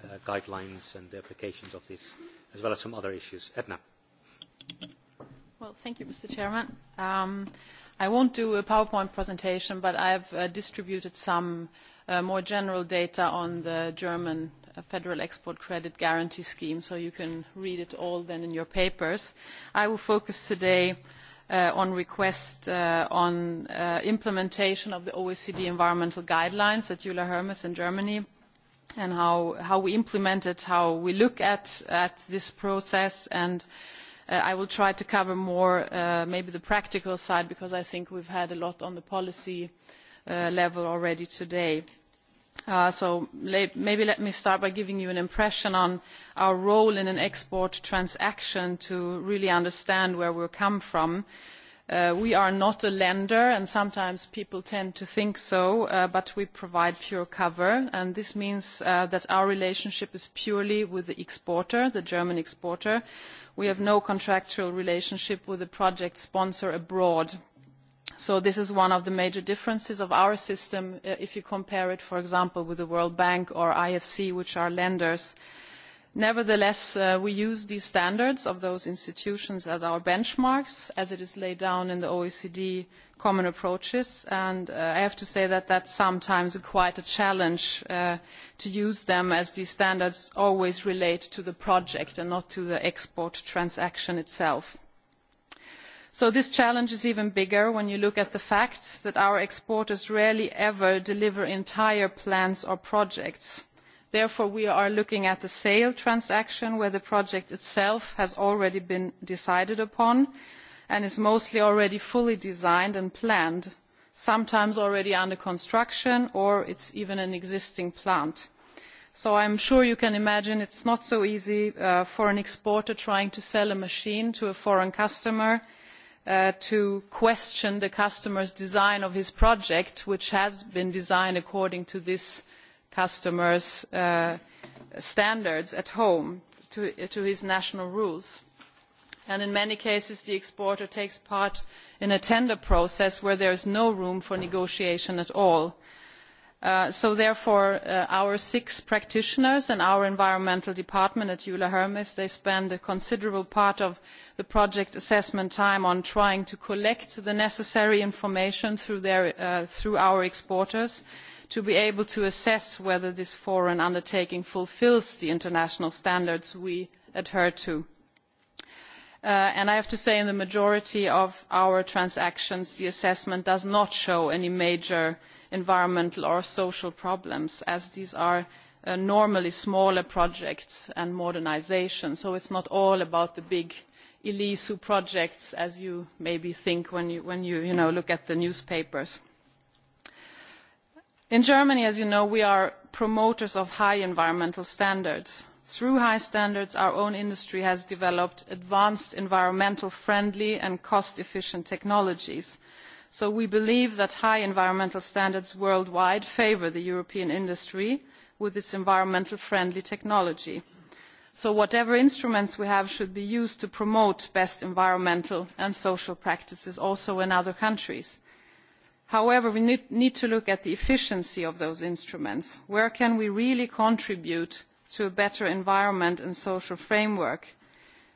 uh, guidelines and the applications of this, as well as some other issues. Edna.
Well, thank you, Mr. Chairman. Um, i won't do a PowerPoint presentation, but I uh, distributed some uh, more general data on the German uh, Federal Export Credit Guarantee Scheme, so you can read it all then in your papers. I will focus today uh, on request uh, on uh, implementation of the OECD environmental guidelines at Euler Hermes in Germany and how, how we implement it, how we look at, at this process and uh, Uh, I will try to cover more uh, maybe the practical side because I think we've had a lot on the policy uh, level already today. so maybe let me start by giving you an impression on our role in an export transaction to really understand where we come from. Uh, we are not a lender, and sometimes people tend to think so, uh, but we provide pure cover, and this means uh, that our relationship is purely with the exporter, the German exporter. We have no contractual relationship with the project sponsor abroad. So this is one of the major differences of our system uh, if you compare it, for example, with the World Bank or IFC, which are lenders. Uh, Nevertheless, uh, we use these standards of those institutions as our benchmarks, as it is laid down in the OECD common approaches. And uh, I have to say that that's sometimes quite a challenge uh, to use them, as these standards always relate to the project and not to the export transaction itself. So this challenge is even bigger when you look at the fact that our exporters rarely ever deliver entire plans or projects Therefore, we are looking at a sale transaction where the project itself has already been decided upon and is mostly already fully designed and planned, sometimes already under construction, or it is even an existing plant. So I am sure you can imagine it is not so easy uh, for an exporter trying to sell a machine to a foreign customer uh, to question the customer's design of his project, which has been designed according to this customers' uh, standards at home to, his national rules. in many cases, the exporter takes part in a tender process where there is no room for negotiation at all. Uh, so therefore, uh, our six practitioners and our environmental department at Eula Hermes, they spend a considerable part of the project assessment time on trying to collect the necessary information through our exporters to be able to assess whether this foreign undertaking fulfils the international standards we adhere to. Uh, and I have to say in the majority of our transactions, the assessment does not show any major environmental or social problems, as these are uh, normally smaller projects and modernisation. So it is not all about the big Elisu projects, as you maybe think when you, when you, you know, look at the newspapers in germany as you know we are promoters of high environmental standards. through high standards our own industry has developed advanced environmentally friendly and cost efficient technologies so we believe that high environmental standards worldwide favour the european industry with its environmentally friendly technology so whatever instruments we have should be used to promote best environmental and social practices also in other countries however we need to look at the efficiency of those instruments where can we really contribute to a better environment and social framework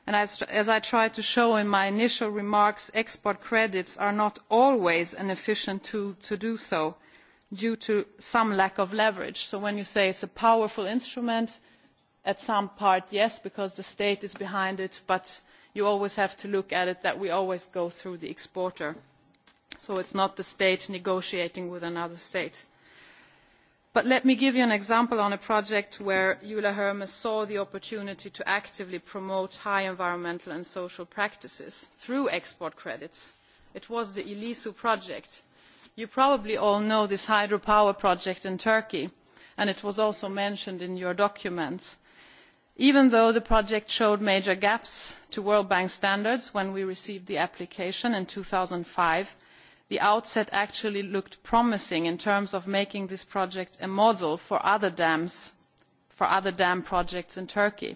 and as, as i tried to show in my initial remarks export credits are not always an efficient tool to do so due to some lack of leverage so when you say it is a powerful instrument at some part yes because the state is behind it but you always have to look at it that we always go through the exporter so it's not the state negotiating with another state. But let me give you an example on a project where Eula Hermes saw the opportunity to actively promote high environmental and social practices through export credits. It was the Elisu project. You probably all know this hydropower project in Turkey, and it was also mentioned in your documents. Even though the project showed major gaps to World Bank standards when we received the application in two thousand five the outset actually looked promising in terms of making this project a model for other dams for other dam projects in turkey.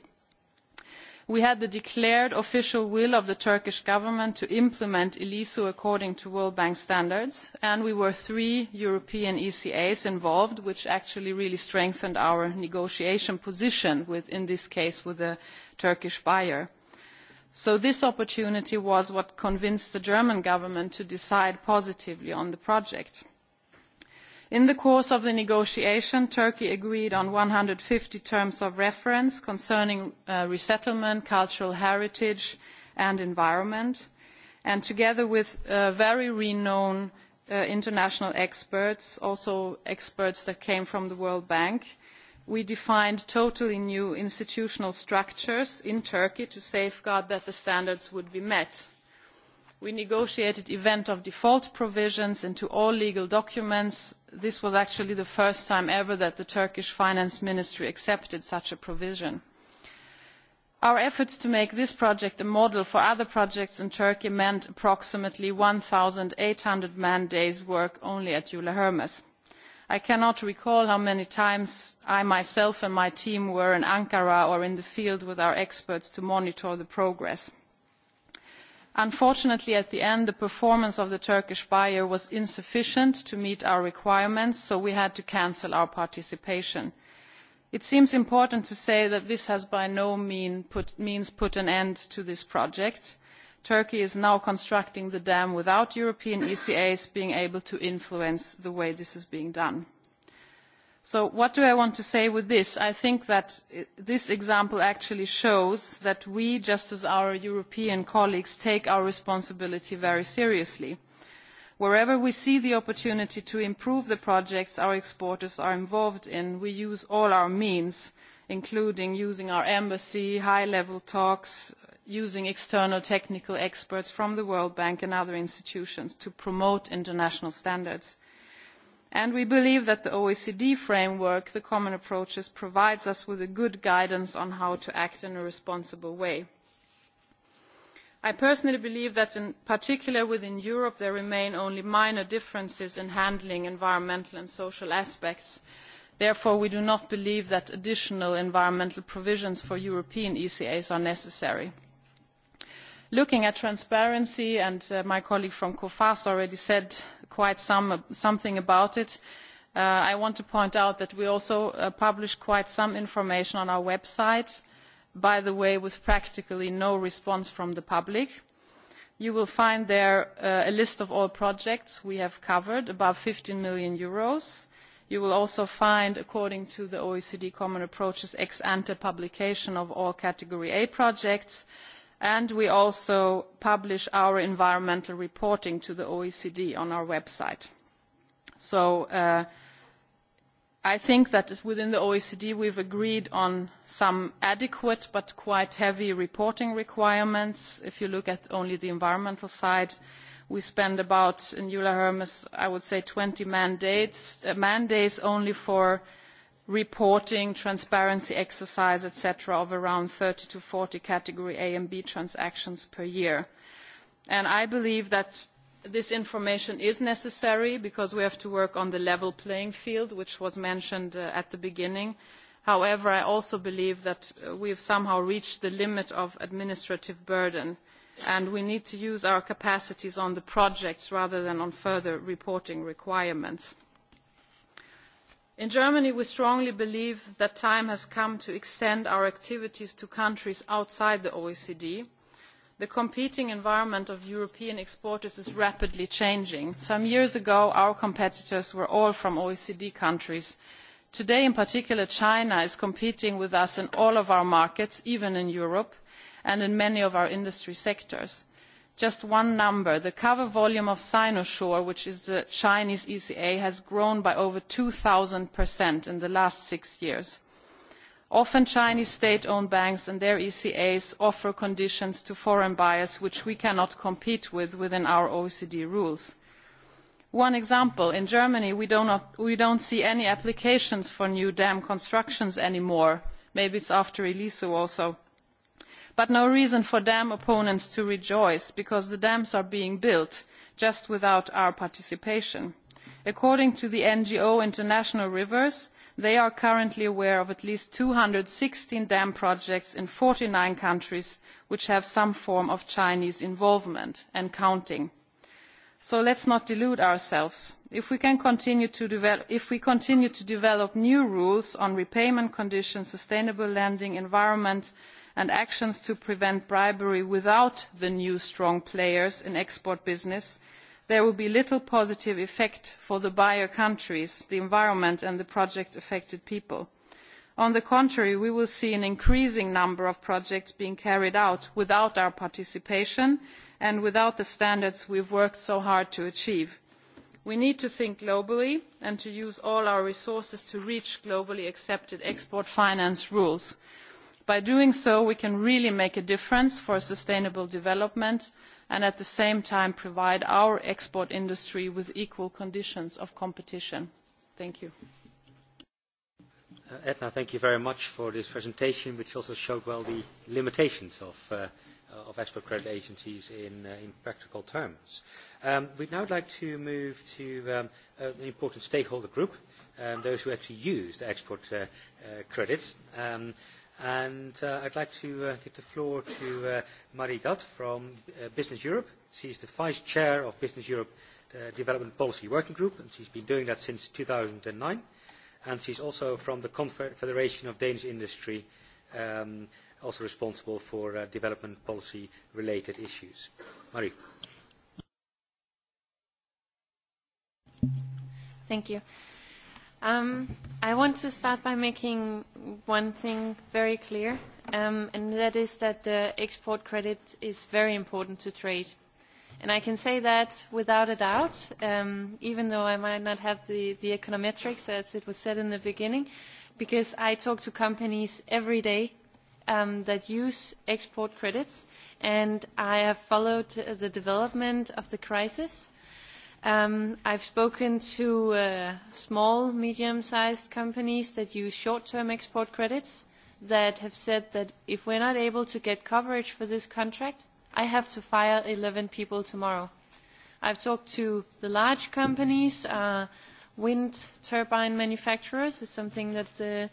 we had the declared official will of the turkish government to implement elisu according to world bank standards and we were three european ecas involved which actually really strengthened our negotiation position with in this case with the turkish buyer so this opportunity was what convinced the German government to decide positively on the project. In the course of the negotiation, Turkey agreed on one hundred and fifty terms of reference concerning uh, resettlement, cultural heritage and environment. And together with uh, very renowned uh, international experts, also experts that came from the World Bank, we defined totally new institutional structures in Turkey to safeguard that the standards would be met. We negotiated event of default provisions into all legal documents. This was actually the first time ever that the Turkish finance ministry accepted such a provision. Our efforts to make this project a model for other projects in Turkey meant approximately one eight hundred man days work only at Euler Hermes i cannot recall how many times I myself and my team were in Ankara or in the field with our experts to monitor the progress. Unfortunately, at the end, the performance of the Turkish buyer was insufficient to meet our requirements, so we had to cancel our participation. It seems important to say that this has by no means put an end to this project Turkey is now constructing the dam without European ECAs being able to influence the way this is being done. So what do I want to say with this? I think that this example actually shows that we, just as our European colleagues, take our responsibility very seriously. Wherever we see the opportunity to improve the projects our exporters are involved in, we use all our means, including using our embassy, high-level talks, using external technical experts from the World Bank and other institutions to promote international standards. And we believe that the OECD framework, the common approaches, provides us with a good guidance on how to act in a responsible way. I personally believe that in particular within Europe there remain only minor differences in handling environmental and social aspects. Therefore, we do not believe that additional environmental provisions for European ECAs are necessary looking at transparency and uh, my colleague from cofas already said quite some, something about it uh, i want to point out that we also uh, publish quite some information on our website by the way with practically no response from the public. you will find there a list of all projects we have covered above eur fifteen million Euros. you will also find according to the oecd common approaches ex ante publication of all category a projects and we also publish our environmental reporting to the OECD on our website. So uh, I think that within the OECD we have agreed on some adequate but quite heavy reporting requirements. If you look at only the environmental side, we spend about, in Eula Hermes, I would say 20 mandates, uh, mandates only for reporting transparency exercise cetera, of around thirty to forty category a and b transactions per year i believe that this information is necessary because we have to work on the level playing field which was mentioned uh, at the beginning however i also believe that uh, we have somehow reached the limit of administrative burden and we need to use our capacities on the projects rather than on further reporting requirements in germany we strongly believe that the time has come to extend our activities to countries outside the oecd. the competing environment of european exporters is rapidly changing. some years ago our competitors were all from oecd countries. today in particular china is competing with us in all of our markets even in europe and in many of our industry sectors Just one number, the cover volume of Sinosure, which is the Chinese ECA, has grown by over two 2,000% in the last six years. Often Chinese state-owned banks and their ECAs offer conditions to foreign buyers which we cannot compete with within our OECD rules. One example, in Germany, we do not see any applications for new dam constructions anymore. Maybe it is after Eliso also but no reason for dam opponents to rejoice because the dams are being built just without our participation. according to the ngo international rivers they are currently aware of at least two hundred and sixteen dam projects in forty nine countries which have some form of chinese involvement and counting so let us not delude ourselves. If we, develop, if we continue to develop new rules on repayment conditions sustainable lending environment and actions to prevent bribery without the new strong players in the export business there will be little positive effect for the buyer countries the environment and the project affected people. on the contrary we will see an increasing number of projects being carried out without our participation and without the standards we have worked so hard to achieve. we need to think globally and to use all our resources to reach globally accepted export finance rules by doing so we can really make a difference for sustainable development and at the same time provide our export industry with equal conditions of competition. Thank you.
Uh, Edna, thank you very much for this presentation, which also showed well the limitations of, uh, export credit agencies uh, in, practical terms. Um, we'd now like to move to um, an important stakeholder group, um, those who actually use the export credits. Um, And uh, I'd like to uh, give the floor to uh, Marie Gutt from uh, Business Europe. She's the Vice Chair of Business Europe uh, Development Policy Working Group, and she's been doing that since 2009. And she's also from the Confederation of Danish Industry, um, also responsible for uh, development policy-related issues. Marie.
Thank you. Um, I want to start by making one thing very clear, um, and that is that the export credit is very important to trade. And I can say that without a doubt, um, even though I might not have the, the econometrics as it was said in the beginning, because I talk to companies every day um, that use export credits, and I have followed uh, the development of the crisis Um, I've spoken to uh, small, medium-sized companies that use short-term export credits that have said that if we're not able to get coverage for this contract, I have to fire eleven people tomorrow. I've talked to the large companies, uh, wind turbine manufacturers is something that, uh,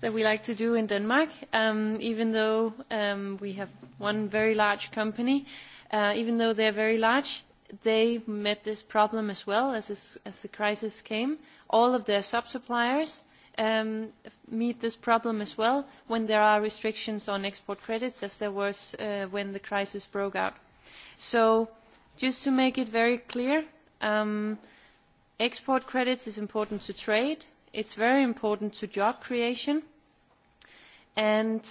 that we like to do in Denmark, um, even though um, we have one very large company. Uh, even though they're very large, they met this problem as well as, this, as the crisis came. All of their sub-suppliers um, meet this problem as well when there are restrictions on export credits as there was uh, when the crisis broke out. So just to make it very clear, um, export credits is important to trade. It's very important to job creation. And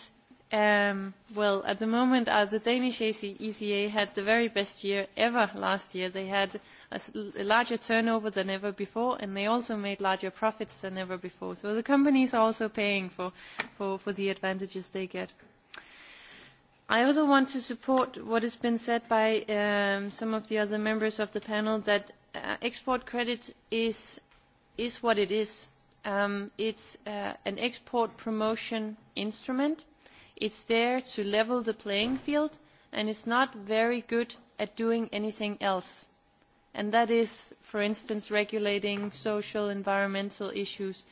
Um, well, at the moment, uh, the Danish ECA e had the very best year ever last year. They had a, a larger turnover than ever before, and they also made larger profits than ever before. So the companies are also paying for, for, for the advantages they get. I also want to support what has been said by um, some of the other members of the panel that uh, export credit is, is what it is. Um, it's uh, an export promotion instrument – It's there to level the playing field, and it's not very good at doing anything else. And that is, for instance, regulating social, environmental issues.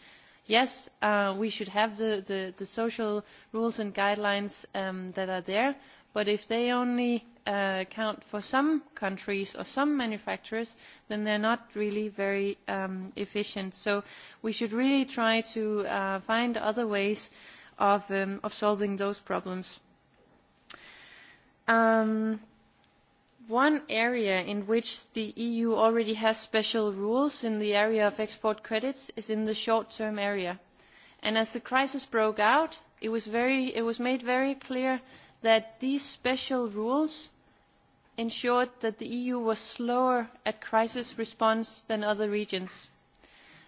Yes, uh, we should have the, the, the social rules and guidelines um, that are there, but if they only uh, count for some countries or some manufacturers, then they're not really very um, efficient. So we should really try to uh, find other ways uh, of, um, of solving those problems. Um, one area in which the EU already has special rules in the area of export credits is in the short-term area. And as the crisis broke out, it was, very, it was made very clear that these special rules ensured that the EU was slower at crisis response than other regions.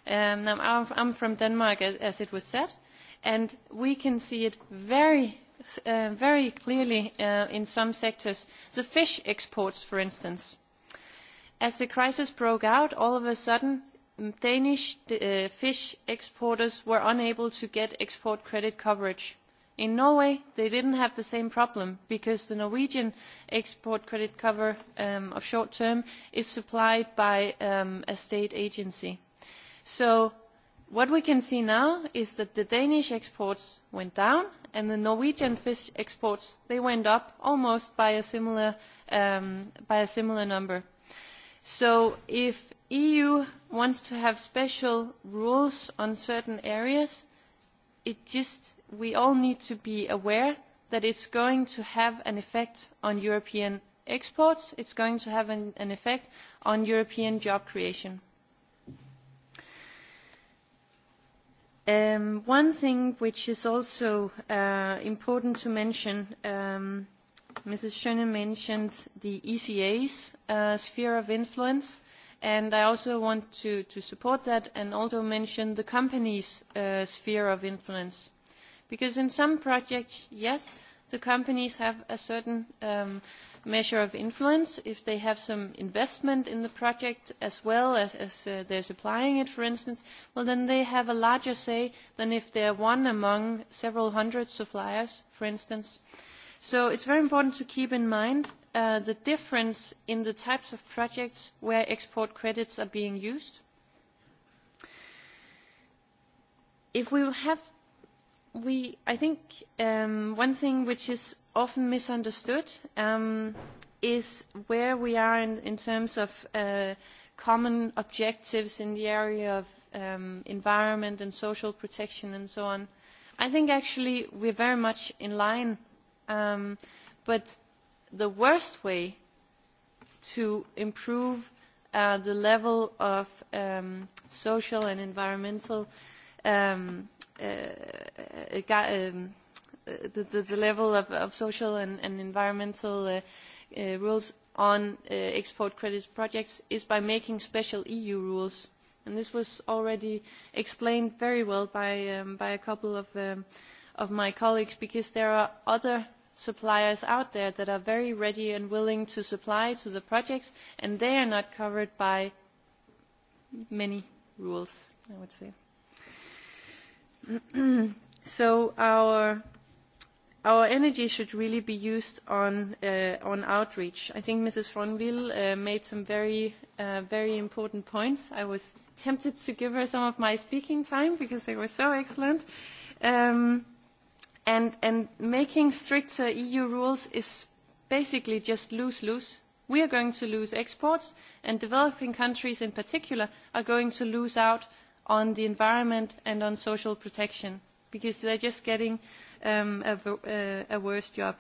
Um, now, I'm from Denmark, as it was said, and we can see it very uh, very clearly uh, in some sectors the fish exports for instance as the crisis broke out all of a sudden danish uh, fish exporters were unable to get export credit coverage in norway they didn't have the same problem because the norwegian export credit cover um, of short term is supplied by um, a state agency so What we can see now is that the Danish exports went down and the Norwegian fish exports, they went up almost by a similar, um, number. So if EU wants to have special rules on certain areas, it just, we all need to be aware that it's going to have an effect on European exports, it's going to have an effect on European job creation. Um, one thing which is also uh, important to mention, um, Mrs. Schöne mentioned the ECA's uh, sphere of influence, and I also want to, to support that and also mention the company's uh, sphere of influence. Because in some projects, yes, the companies have a certain um, measure of influence. If they have some investment in the project as well as, as uh, they're supplying it, for instance, well, then they have a larger say than if they're one among several hundred suppliers, for instance. So it's very important to keep in mind uh, the difference in the types of projects where export credits are being used. If we have we, I think um, one thing which is often misunderstood um, is where we are in, in terms of uh, common objectives in the area of um, environment and social protection and so on. I think actually we're very much in line, um, but the worst way to improve uh, the level of um, social and environmental um, Uh, uh, uh, um, the, the, the level of, of social and, and environmental uh, uh, rules on uh, export credit projects is by making special EU rules. And this was already explained very well by, um, by a couple of, um, of my colleagues because there are other suppliers out there that are very ready and willing to supply to the projects and they are not covered by many rules, I would say so our our energy should really be used on uh, on outreach. I think Mrs. Fronville uh, made some very uh, very important points. I was tempted to give her some of my speaking time because they were so excellent. Um, and and making stricter EU rules is basically just lose lose. We are going to lose exports, and developing countries in particular are going to lose out on the environment and on social protection because they're just getting um, a, uh, a worse job.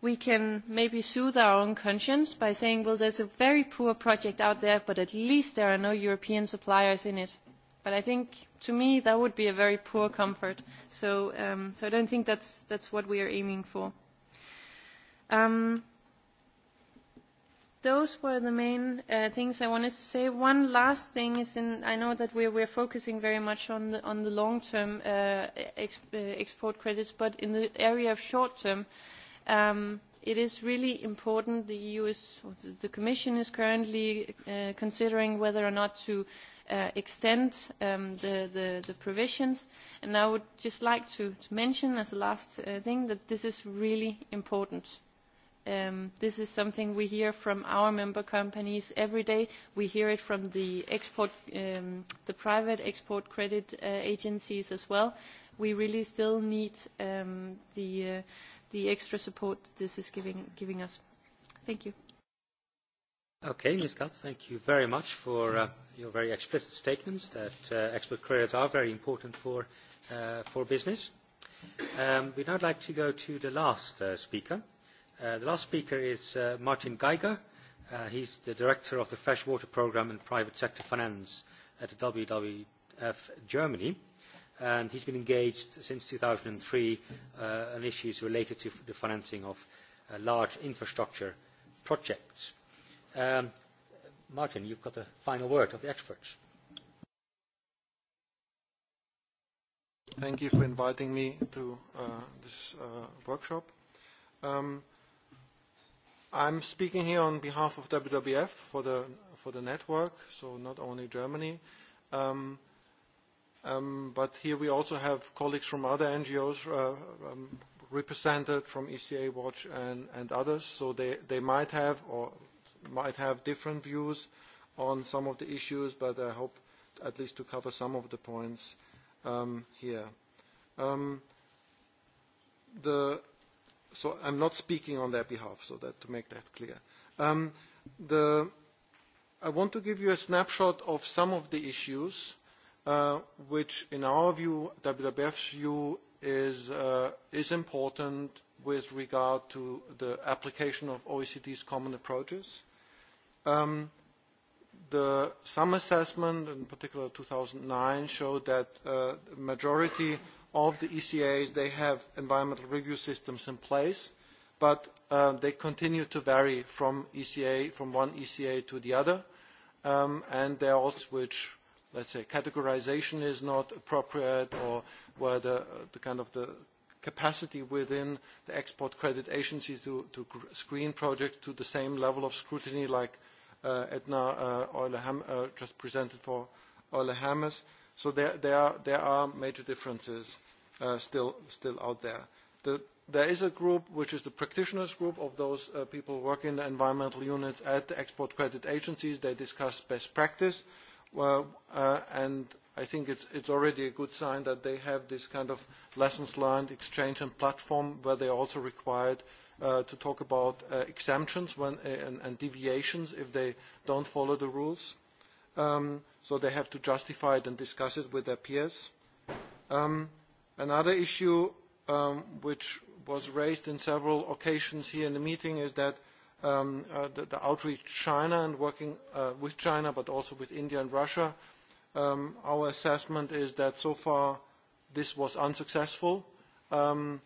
We can maybe soothe our own conscience by saying, well, there's a very poor project out there, but at least there are no European suppliers in it. But I think, to me, that would be a very poor comfort. So, um, so I don't think that's, that's what we are aiming for. Um, Those were the main uh, things I wanted to say. One last thing is, in, I know that we're, we're focusing very much on the, on the long-term uh, ex, uh, export credits, but in the area of short-term, um, it is really important. The EU is, the Commission is currently uh, considering whether or not to uh, extend um, the, the, the provisions. And I would just like to, to mention as a last uh, thing that this is really important Um, this is something we hear from our member companies every day. We hear it from the, export, um, the private export credit uh, agencies as well. We really still need um, the, uh, the extra support this is giving, giving us. Thank you.
Okay, Ms. Gatt, thank you very much for uh, your very explicit statements that uh, export credits are very important for, uh, for business. Um, we'd now like to go to the last uh, speaker, Uh, the last speaker is uh, Martin Geiger. Uh, he's the director of the Freshwater Programme and Private Sector Finance at the WWF Germany. And he's been engaged since 2003 uh, on issues related to the financing of uh, large infrastructure projects. Um, Martin, you've got the final word of the experts.
Thank you for inviting me to uh, this uh, workshop. Um, I'm speaking here on behalf of WWF for the, for the network, so not only Germany. Um, um, but here we also have colleagues from other NGOs uh, um, represented from ECA Watch and, and others, so they, they might have or might have different views on some of the issues, but I hope at least to cover some of the points um, here. Um, the so I'm not speaking on their behalf, so that to make that clear. Um, the, I want to give you a snapshot of some of the issues uh, which, in our view, WWF's view, is, uh, is important with regard to the application of OECD's common approaches. Um, the some assessment, in particular 2009, showed that uh, the majority of the ECAs, they have environmental review systems in place, but uh, they continue to vary from ECA, from one ECA to the other, um, and there are also which, let's say, categorization is not appropriate or where the, the kind of the capacity within the export credit agency to, to screen projects to the same level of scrutiny like uh, Edna uh, Euler uh, just presented for Euler Hammers. So there, there, are, there are major differences uh, still, still out there. The, there is a group which is the practitioners group of those uh, people working in the environmental units at the export credit agencies. They discuss best practice. Uh, uh, and I think it's, it's already a good sign that they have this kind of lessons learned exchange and platform where they are also required uh, to talk about uh, exemptions when, uh, and, and deviations if they don't follow the rules. Um, so they have to justify it and discuss it with their peers. Um, another issue um, which was raised in several occasions here in the meeting is that um, uh, the, the outreach China and working uh, with China, but also with India and Russia. Um, our assessment is that so far this was unsuccessful. Um,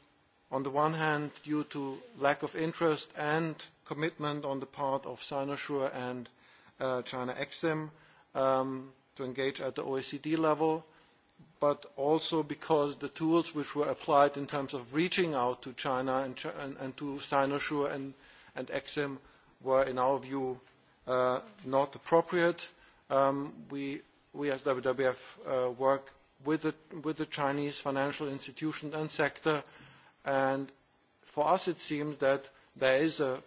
on the one hand, due to lack of interest and commitment on the part of Sinosure and uh, China Exim, um, to engage at the OECD level, but also because the tools which were applied in terms of reaching out to China and, and, and to Sinosure and, and Exim were, in our view, uh, not appropriate. Um, we, we as WWF uh, work with the, with the Chinese financial institutions and sector, and for us it seems that there is a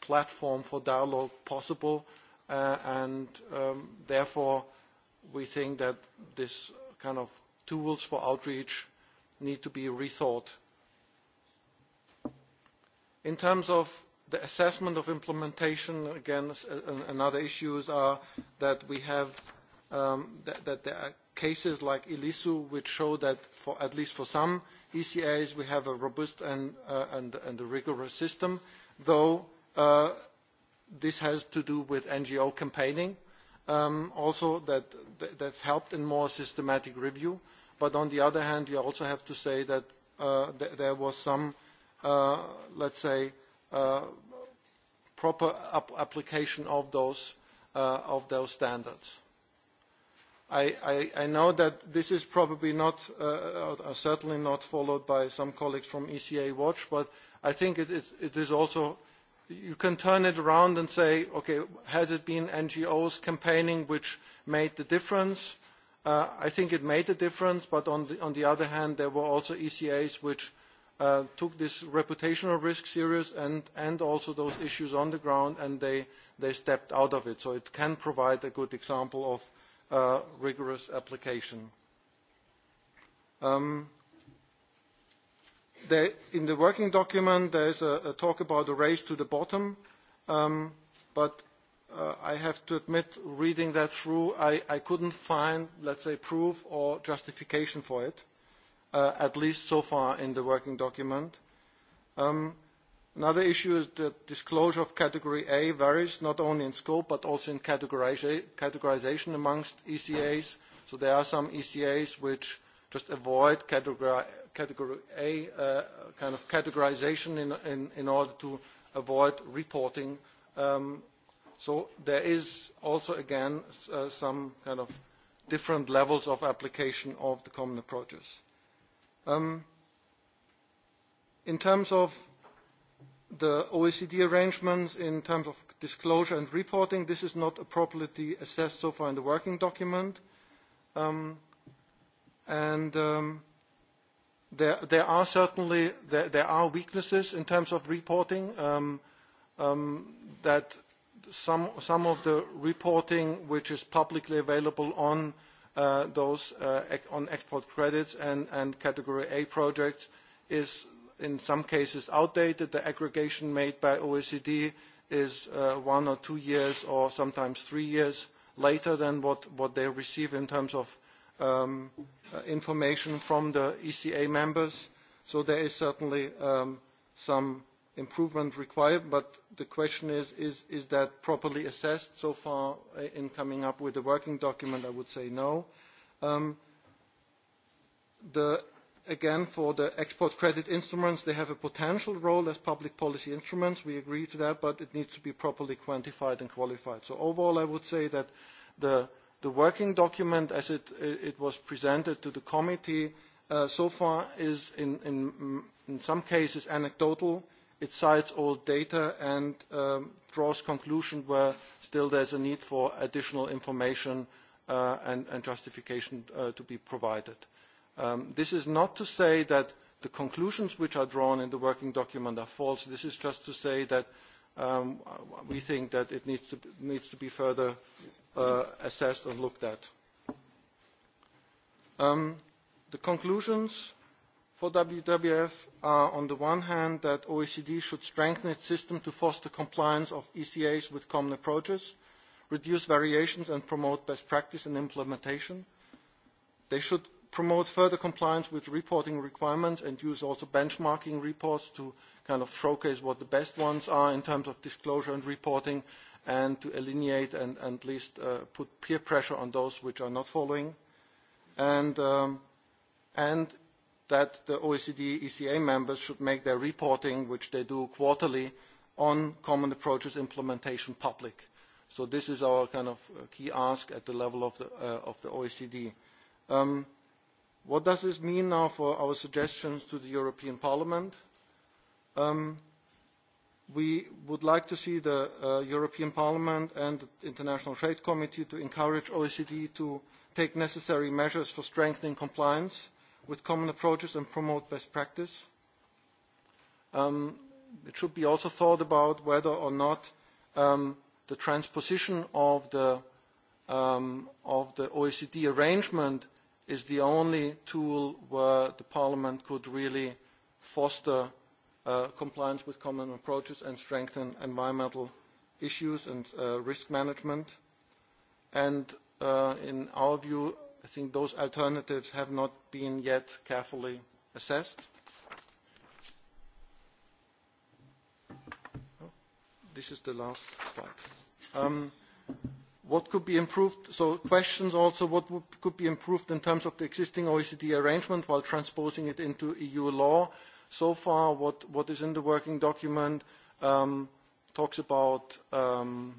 platform for dialogue possible Uh, and um, therefore, we think that this kind of tools for outreach need to be rethought. In terms of the assessment of implementation, again, uh, another issue is that we have um, that, there are cases like Elisu which show that for at least for some ECAs we have a robust and, uh, a rigorous system, though this has to do with NGO campaigning, um, also that, that helped in more systematic review. But on the other hand, you also have to say that uh, th there was some, uh, let's say, uh, proper ap application of those, uh, of those standards. I, I, I know that this is probably not, uh, uh, uh certainly not followed by some colleagues from ECA Watch, but I think it, it, it is also you can turn it around and say, okay, has it been NGOs campaigning which made the difference? Uh, I think it made a difference, but on the, on the other hand, there were also ECAs which uh, took this reputational risk serious and, and also those issues on the ground, and they, they stepped out of it. So it can provide a good example of uh, rigorous application. Um, There, in the working document, there is a, a talk about a race to the bottom, um, but uh, I have to admit, reading that through, I, I couldn't find, let's say, proof or justification for it, uh, at least so far in the working document. Um, another issue is that disclosure of category A varies not only in scope but also in categorisa categorization amongst ECAs. So there are some ECAs which just avoid category category A uh, kind of categorization in, in, in order to avoid reporting. Um, so there is also, again, uh, some kind of different levels of application of the common approaches. Um, in terms of the OECD arrangements, in terms of disclosure and reporting, this is not appropriately assessed so far in the working document. Um, and um, There, there are certainly there, there are weaknesses in terms of reporting um, um, that some, some of the reporting which is publicly available on uh, those uh, on export credits and, and category A projects is in some cases outdated. The aggregation made by OECD is uh, one or two years or sometimes three years later than what, what they receive in terms of um, uh, information from the ECA members. So there is certainly um, some improvement required, but the question is, is, is that properly assessed so far in coming up with a working document? I would say no. Um, the, again, for the export credit instruments, they have a potential role as public policy instruments. We agree to that, but it needs to be properly quantified and qualified. So overall, I would say that the The working document, as it, it was presented to the committee uh, so far, is in, in, in some cases anecdotal. It cites old data and um, draws conclusions where still there's a need for additional information uh, and, and justification uh, to be provided. Um, this is not to say that the conclusions which are drawn in the working document are false. This is just to say that Um, we think that it needs to, needs to be further uh, assessed and looked at. Um, the conclusions for WWF are on the one hand that OECD should strengthen its system to foster compliance of ECAs with common approaches, reduce variations and promote best practice and implementation. They should promote further compliance with reporting requirements and use also benchmarking reports to kind of showcase what the best ones are in terms of disclosure and reporting and to alienate and, and at least uh, put peer pressure on those which are not following. And, um, and that the OECD ECA members should make their reporting, which they do quarterly, on common approaches implementation public. So this is our kind of uh, key ask at the level of the, uh, of the OECD. Um, what does this mean now for our suggestions to the European Parliament? Um, we would like to see the uh, European Parliament and the International Trade Committee to encourage OECD to take necessary measures for strengthening compliance with common approaches and promote best practice. Um, it should be also thought about whether or not um, the transposition of the, um, of the OECD arrangement is the only tool where the Parliament could really foster uh, compliance with common approaches and strengthen environmental issues and uh, risk management. And uh, in our view, I think those alternatives have not been yet carefully assessed. Oh, this is the last slide. Um, what could be improved? So questions also, what would, could be improved in terms of the existing OECD arrangement while transposing it into EU law? So far, what, what is in the working document um, talks about um,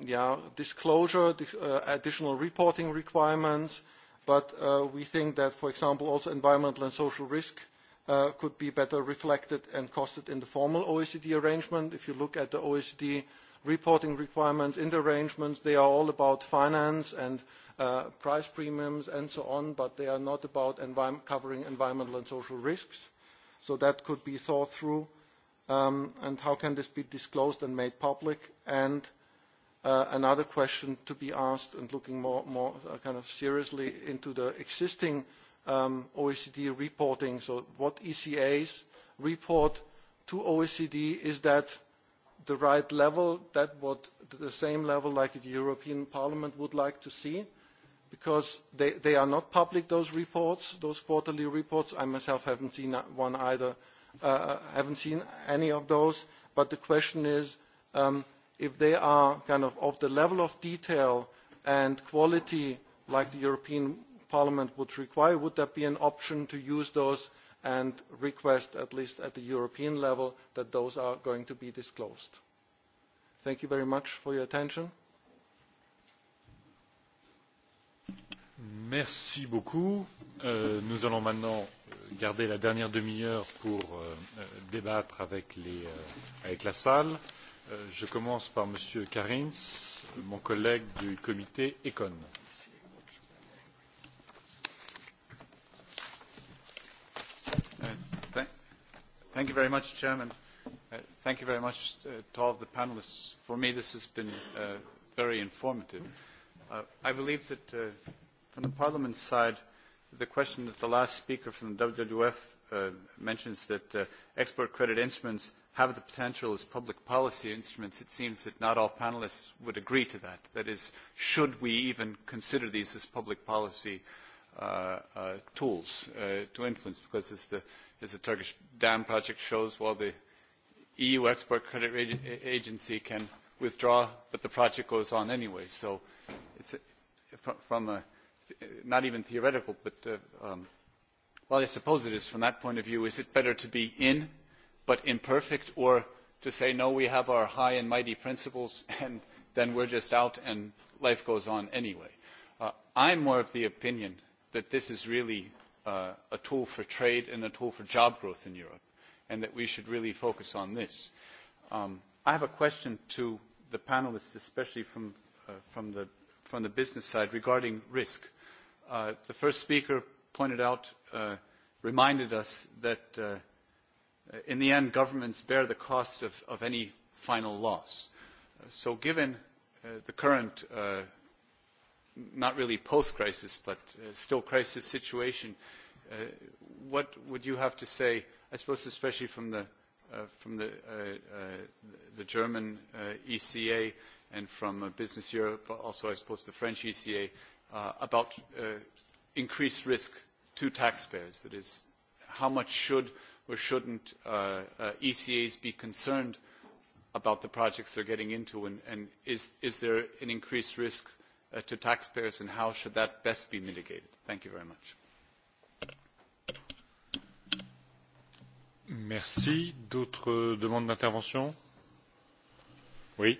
yeah, disclosure, uh, additional reporting requirements, but uh, we think that, for example, also environmental and social risk uh, could be better reflected and costed in the formal OECD arrangement. If you look at the OECD reporting requirements in the arrangements. They are all about finance and uh, price premiums and so on, but they are not about envi covering environmental and social risks. So that could be thought through. Um, and how can this be disclosed and made public? And uh, another question to be asked and looking more, more uh, kind of seriously into the existing um, OECD reporting. So what ECAs report to OECD is that the right level, that what the same level like the European Parliament would like to see, because they, they are not public, those reports, those quarterly reports. I myself haven't seen one either, uh, uh, haven't seen any of those. But the question is um, if they are kind of of the level of detail and quality like the European Parliament would require, would that be an option to use those and request, at least at the European level, that those are going to be disclosed. Thank you very much for your attention.
Merci beaucoup. Euh, nous allons maintenant garder la dernière demi-heure pour euh, euh débattre avec, les, euh, avec la salle. Euh, je commence par M. Karins, mon collègue du comité ECON.
Thank you very much, Chairman. Uh, thank you very much uh, to all of the panelists. For me, this has been uh, very informative. Uh, I believe that uh, from the Parliament's side, the question that the last speaker from the WWF uh, mentions that uh, export credit instruments have the potential as public policy instruments, it seems that not all panelists would agree to that. That is, should we even consider these as public policy uh, uh, uh, tools uh, to influence because as the, as the Turkish dam project shows, while well, the EU Export Credit Agency can withdraw, but the project goes on anyway. So it's a, from a, not even theoretical, but uh, um, well, I suppose it is from that point of view, is it better to be in but imperfect or to say, no, we have our high and mighty principles <laughs> and then we're just out and life goes on anyway? Uh, I'm more of the opinion that this is really uh, a tool for trade and a tool for job growth in Europe, and that we should really focus on this. Um, I have a question to the panelists, especially from, uh, from, the, from the business side, regarding risk. Uh, the first speaker pointed out, uh, reminded us that uh, in the end, governments bear the cost of, of any final loss. so given uh, the current uh, not really post-crisis, but uh, still crisis situation, uh, what would you have to say, I suppose especially from the, uh, from the, uh, uh, the German uh, ECA and from uh, Business Europe, but also I suppose the French ECA, uh, about uh, increased risk to taxpayers? That is, how much should or shouldn't uh, uh, ECAs be concerned about the projects they're getting into, and, and is, is there an increased risk uh, to taxpayers and how should that best be mitigated? Thank you very much.
Merci. D'autres demandes d'intervention Oui.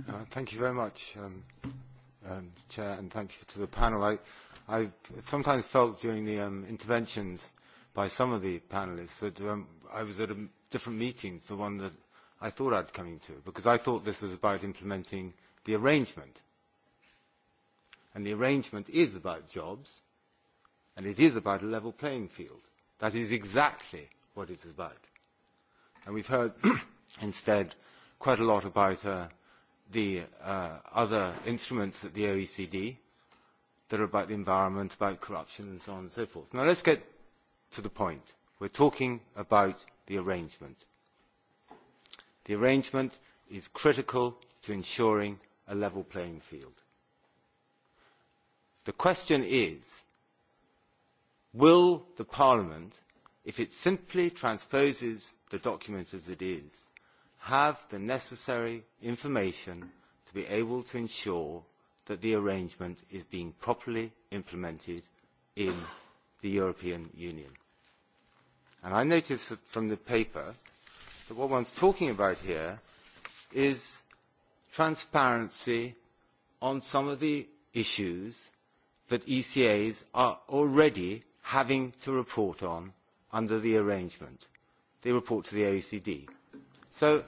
Uh, thank you very much, um, um, Chair, and thank you to the panel. I, I've sometimes felt during the um, interventions by some of the panelists that um, I was at a different meeting to the one that i thought I'd come into because I thought this was about implementing the arrangement. And the arrangement is about jobs, and it is about a level playing field. That is exactly what it's about. And we've heard <clears throat> instead quite a lot about uh, the uh, other instruments at the OECD that are about the environment, about corruption, and so on and so forth. Now let's get to the point. We're talking about the arrangement the arrangement is critical to ensuring a level playing field. The question is, will the Parliament, if it simply transposes the document as it is, have the necessary information to be able to ensure that the arrangement is being properly implemented in the European Union? And I notice that from the paper that what one is talking about here is transparency on some of the issues that ECAs are already having to report on under the arrangement. They report to the OECD. So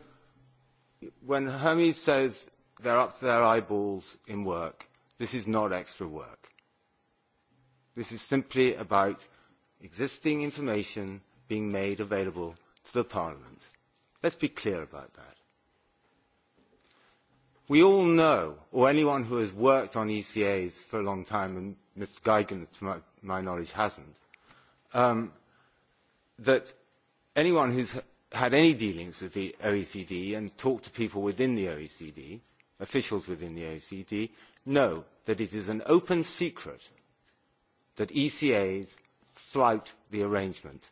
when Hermes says they're up to their eyeballs in work, this is not extra work. This is simply about existing information being made available to the Parliament. Let's be clear about that. We all know, or anyone who has worked on ECAs for a long time, and Ms. Geigen, to my, my knowledge, hasn't, um, that anyone who's had any dealings with the OECD and talked to people within the OECD, officials within the OECD, know that it is an open secret that ECAs flout the arrangement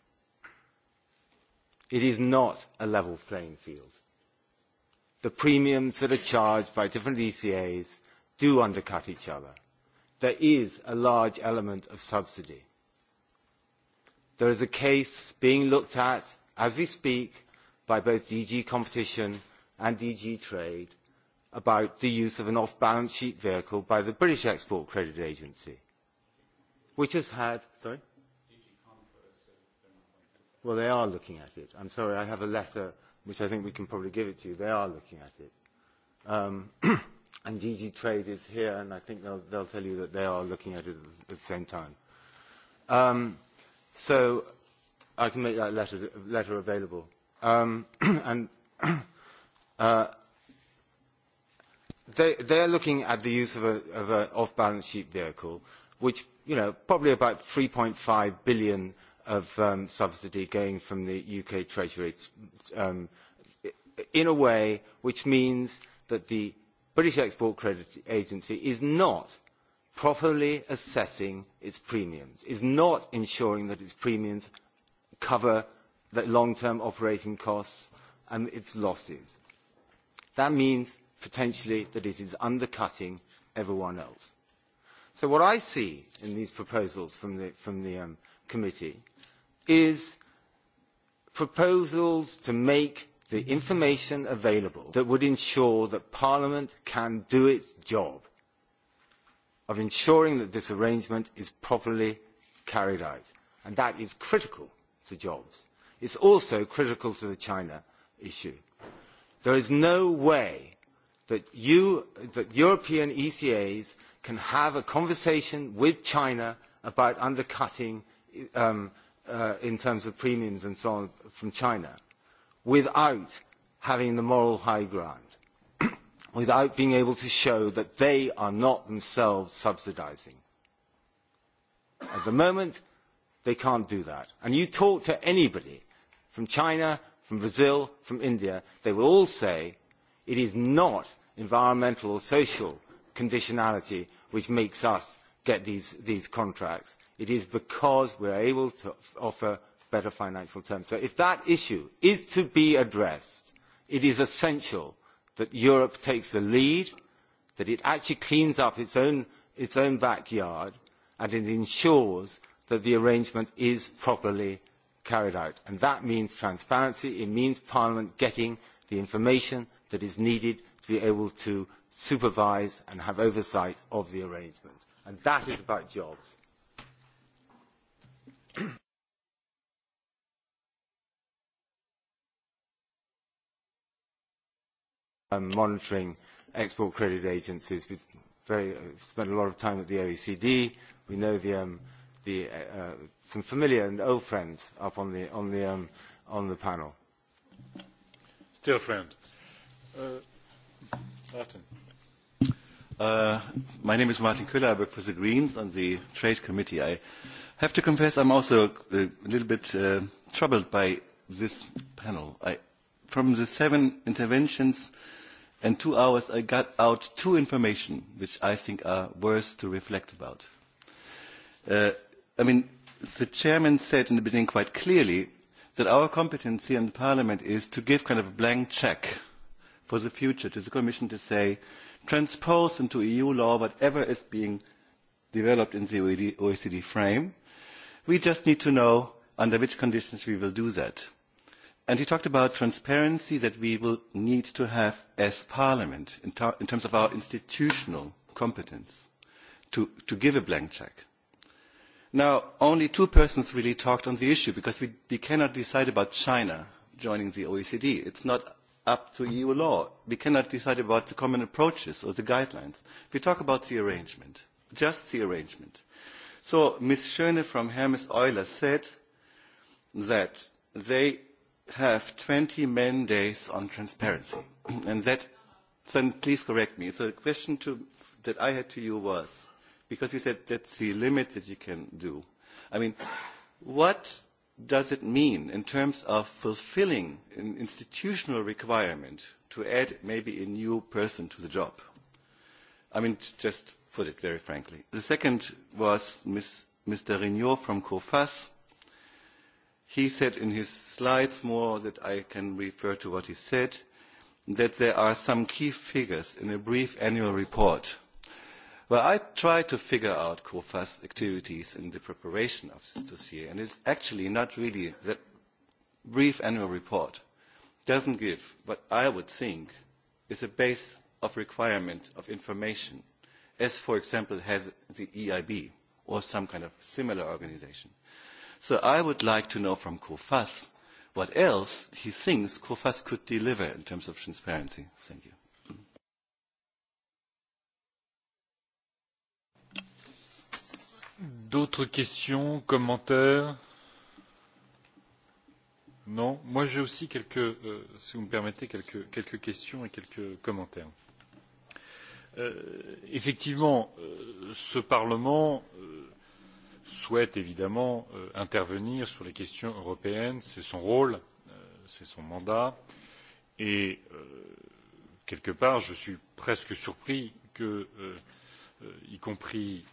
It is not a level playing field. The premiums that are charged by different ECAs do undercut each other. There is a large element of subsidy. There is a case being looked at as we speak by both DG Competition and DG Trade about the use of an off-balance sheet vehicle by the British Export Credit Agency, which has had... Sorry? Well, they are looking at it. I'm sorry, I have a letter which I think we can probably give it to you. They are looking at it. Um, <clears throat> and DG Trade is here, and I think they'll, they'll tell you that they are looking at it at the same time. Um, so I can make that letter, letter available. Um, <clears throat> and <clears throat> uh, they, are looking at the use of an of a off-balance sheet vehicle, which, you know, probably about 3.5 billion of um, subsidy going from the UK Treasury um, in a way which means that the British Export Credit Agency is not properly assessing its premiums, is not ensuring that its premiums cover the long-term operating costs and its losses. That means potentially that it is undercutting everyone else. So what I see in these proposals from the, from the um, committee is proposals to make the information available that would ensure that Parliament can do its job of ensuring that this arrangement is properly carried out. And that is critical to jobs. It is also critical to the China issue. There is no way that, you, that European ECAs can have a conversation with China about undercutting um, uh, in terms of premiums and so on from China without having the moral high ground, <clears throat> without being able to show that they are not themselves subsidising. At the moment, they cannot do that. And you talk to anybody from China, from Brazil, from India, they will all say it is not environmental or social conditionality which makes us get these, these contracts it is because we are able to offer better financial terms. So if that issue is to be addressed, it is essential that Europe takes the lead, that it actually cleans up its own, its own backyard, and it ensures that the arrangement is properly carried out. And that means transparency. It means Parliament getting the information that is needed to be able to supervise and have oversight of the arrangement. And that is about jobs um, monitoring export credit agencies. We've very, uh, spent a lot of time at the OECD. We know the, um, the, uh, uh, some familiar and old friends up on the, on the, um, on the panel. Still friend.
Uh, Martin.
Uh, my name is Martin Köhler. I work for the Greens on the Trade Committee. I have to confess I'm also a little bit uh, troubled by this panel. I, from the seven interventions, uh, and two hours I got out two information which I think are worth to reflect about. Uh, I mean, the chairman said in the beginning quite clearly that our competence here in Parliament is to give kind of a blank check for the future to the Commission to say, transpose into EU law whatever is being developed in the OECD e frame. We just need to know under which conditions we will do that And he talked about transparency that we will need to have as Parliament in, in terms of our institutional competence to, to give a blank check. Now, only two persons really talked on the issue because we, we cannot decide about China joining the OECD. It's not up to EU law. We cannot decide about the common approaches or the guidelines. We talk about the arrangement, just the arrangement. So Ms. Schöne from Hermes Euler said that they have 20 mandates on transparency. <clears throat> and that, then please correct me. So the question to, that I had to you was, because you said that's the limit that you can do. I mean, what does it mean in terms of fulfilling an institutional requirement to add maybe a new person to the job? I mean, just put it very frankly. The second was Ms. Mr. Rignot from COFAS He said in his slides more that I can refer to what he said, that there are some key figures in a brief annual report. Well, I tried to figure out COFAS activities in the preparation of this dossier, and it's actually not really that brief annual report doesn't give what I would think is a base of requirement of information, as, for example, has the EIB or some kind of similar organisation. So I would like to know from Kofas what else he thinks Kofas could deliver in terms of transparency. Thank you. D'autres
questions, commentaires Non Moi j'ai aussi quelques, euh, si vous me permettez, quelques, quelques questions et quelques commentaires. Euh, effectivement, euh, ce Parlement euh, souhaite évidemment euh, intervenir sur les questions européennes c'est son rôle euh, c'est son mandat et euh, quelque part je suis presque surpris que y compris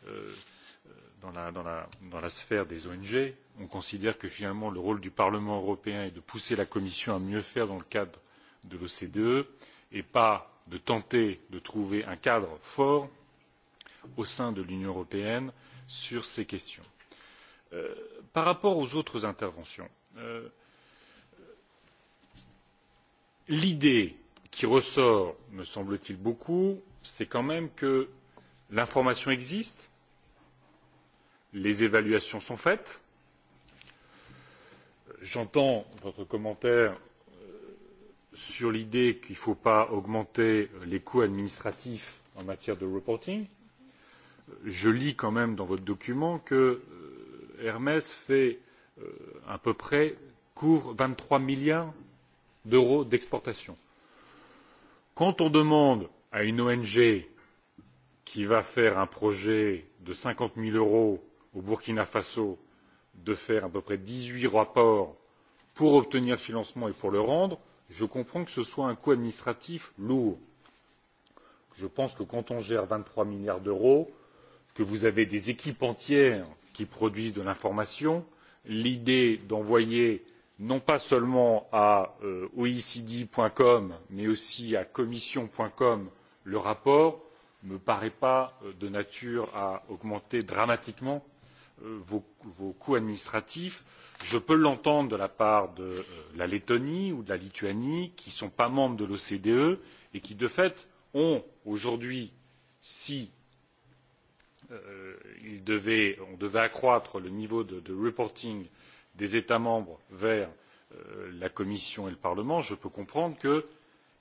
dans la, sphère des ong on considère que finalement le rôle du parlement européen est de pousser la commission à mieux faire dans le cadre de l'ocde et pas de tenter de trouver un cadre fort au sein de l'union européenne sur ces questions. Euh, par rapport aux autres interventions euh, l'idée qui ressort me semble t il beaucoup c'est quand même que l'information existe les évaluations sont faites j'entends votre commentaire euh, sur l'idée qu'il ne faut pas augmenter les coûts administratifs en matière de reporting je lis quand même dans votre document que euh, Hermès fait euh, à peu près couvre vingt trois milliards d'euros d'exportations. Quand on demande à une ONG qui va faire un projet de cinquante 000 euros au Burkina Faso de faire à peu près dix huit rapports pour obtenir le financement et pour le rendre, je comprends que ce soit un coût administratif lourd. Je pense que quand on gère vingt trois milliards d'euros, que vous avez des équipes entières qui produisent de l'information l'idée d'envoyer non pas seulement à euh, oecd com mais aussi à commission com le rapport ne me paraît pas euh, de nature à augmenter dramatiquement euh, vos, vos coûts administratifs. je peux l'entendre de la part de euh, la lettonie ou de la lituanie qui ne sont pas membres de l'ocde et qui de fait ont aujourd'hui si Euh, devait, on devait accroître le niveau de, de reporting des états membres vers euh, la commission et le parlement je peux comprendre qu'il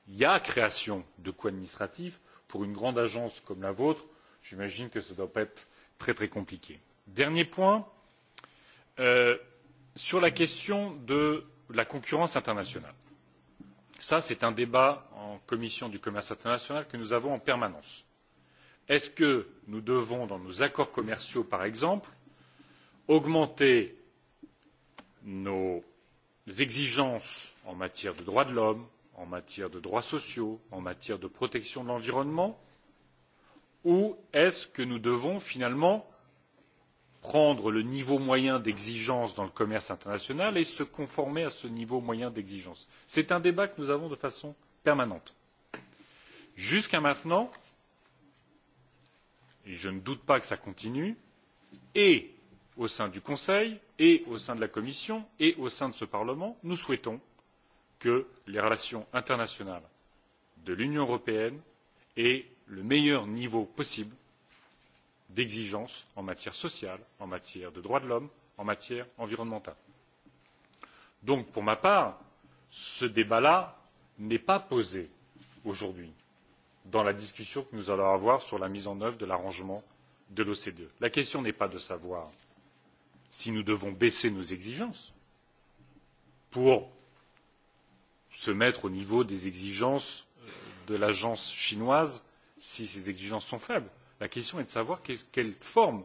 y a création de coûts administratifs pour une grande agence comme la vôtre j'imagine que cela ne doit pas être très très compliqué. dernier point euh, sur la question de la concurrence internationale c'est un débat en commission du commerce international que nous avons en permanence est ce que nous devons dans nos accords commerciaux par exemple augmenter nos exigences en matière de droits de l'homme en matière de droits sociaux en matière de protection de l'environnement ou est ce que nous devons finalement prendre le niveau moyen d'exigence dans le commerce international et se conformer à ce niveau moyen d'exigence? c'est un débat que nous avons de façon permanente. jusqu'à maintenant et je ne doute pas que cela continue et au sein du conseil et au sein de la commission et au sein de ce parlement nous souhaitons que les relations internationales de l'union européenne aient le meilleur niveau possible d'exigence en matière sociale en matière de droits de l'homme en matière environnementale. donc pour ma part ce débat là n'est pas posé aujourd'hui dans la discussion que nous allons avoir sur la mise en œuvre de l'arrangement de l'ocde. la question n'est pas de savoir si nous devons baisser nos exigences pour se mettre au niveau des exigences de l'agence chinoise si ces exigences sont faibles. la question est de savoir quelle forme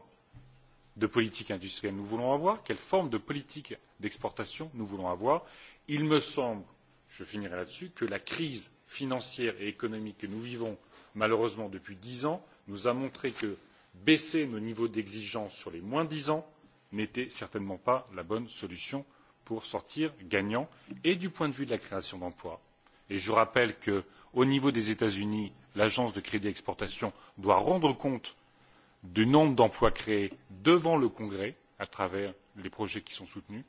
de politique industrielle nous voulons avoir quelle forme de politique d'exportation nous voulons avoir. il me semble je finirai là dessus que la crise financière et économique que nous vivons malheureusement depuis dix ans nous a montré que baisser nos niveaux d'exigence sur les moins dix ans n'était certainement pas la bonne solution pour sortir gagnant et du point de vue de la création d'emplois et je rappelle qu'au niveau des états unis l'agence de crédit exportation doit rendre compte du nombre d'emplois créés devant le congrès à travers les projets qui sont soutenus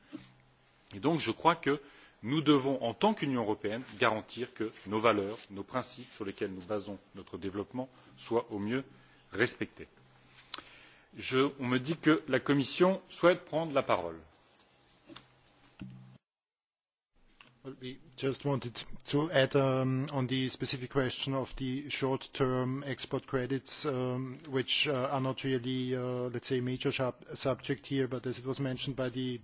et donc je crois que nous devons en tant qu'union européenne garantir que nos valeurs nos principes sur lesquels nous basons notre développement soient au mieux respectés. on me dit que la commission souhaite prendre la parole.
just wanted to add um, on the specific question of the short-term export credits, um, which uh, are not really, uh, let's say, major subject here, but as it was mentioned by the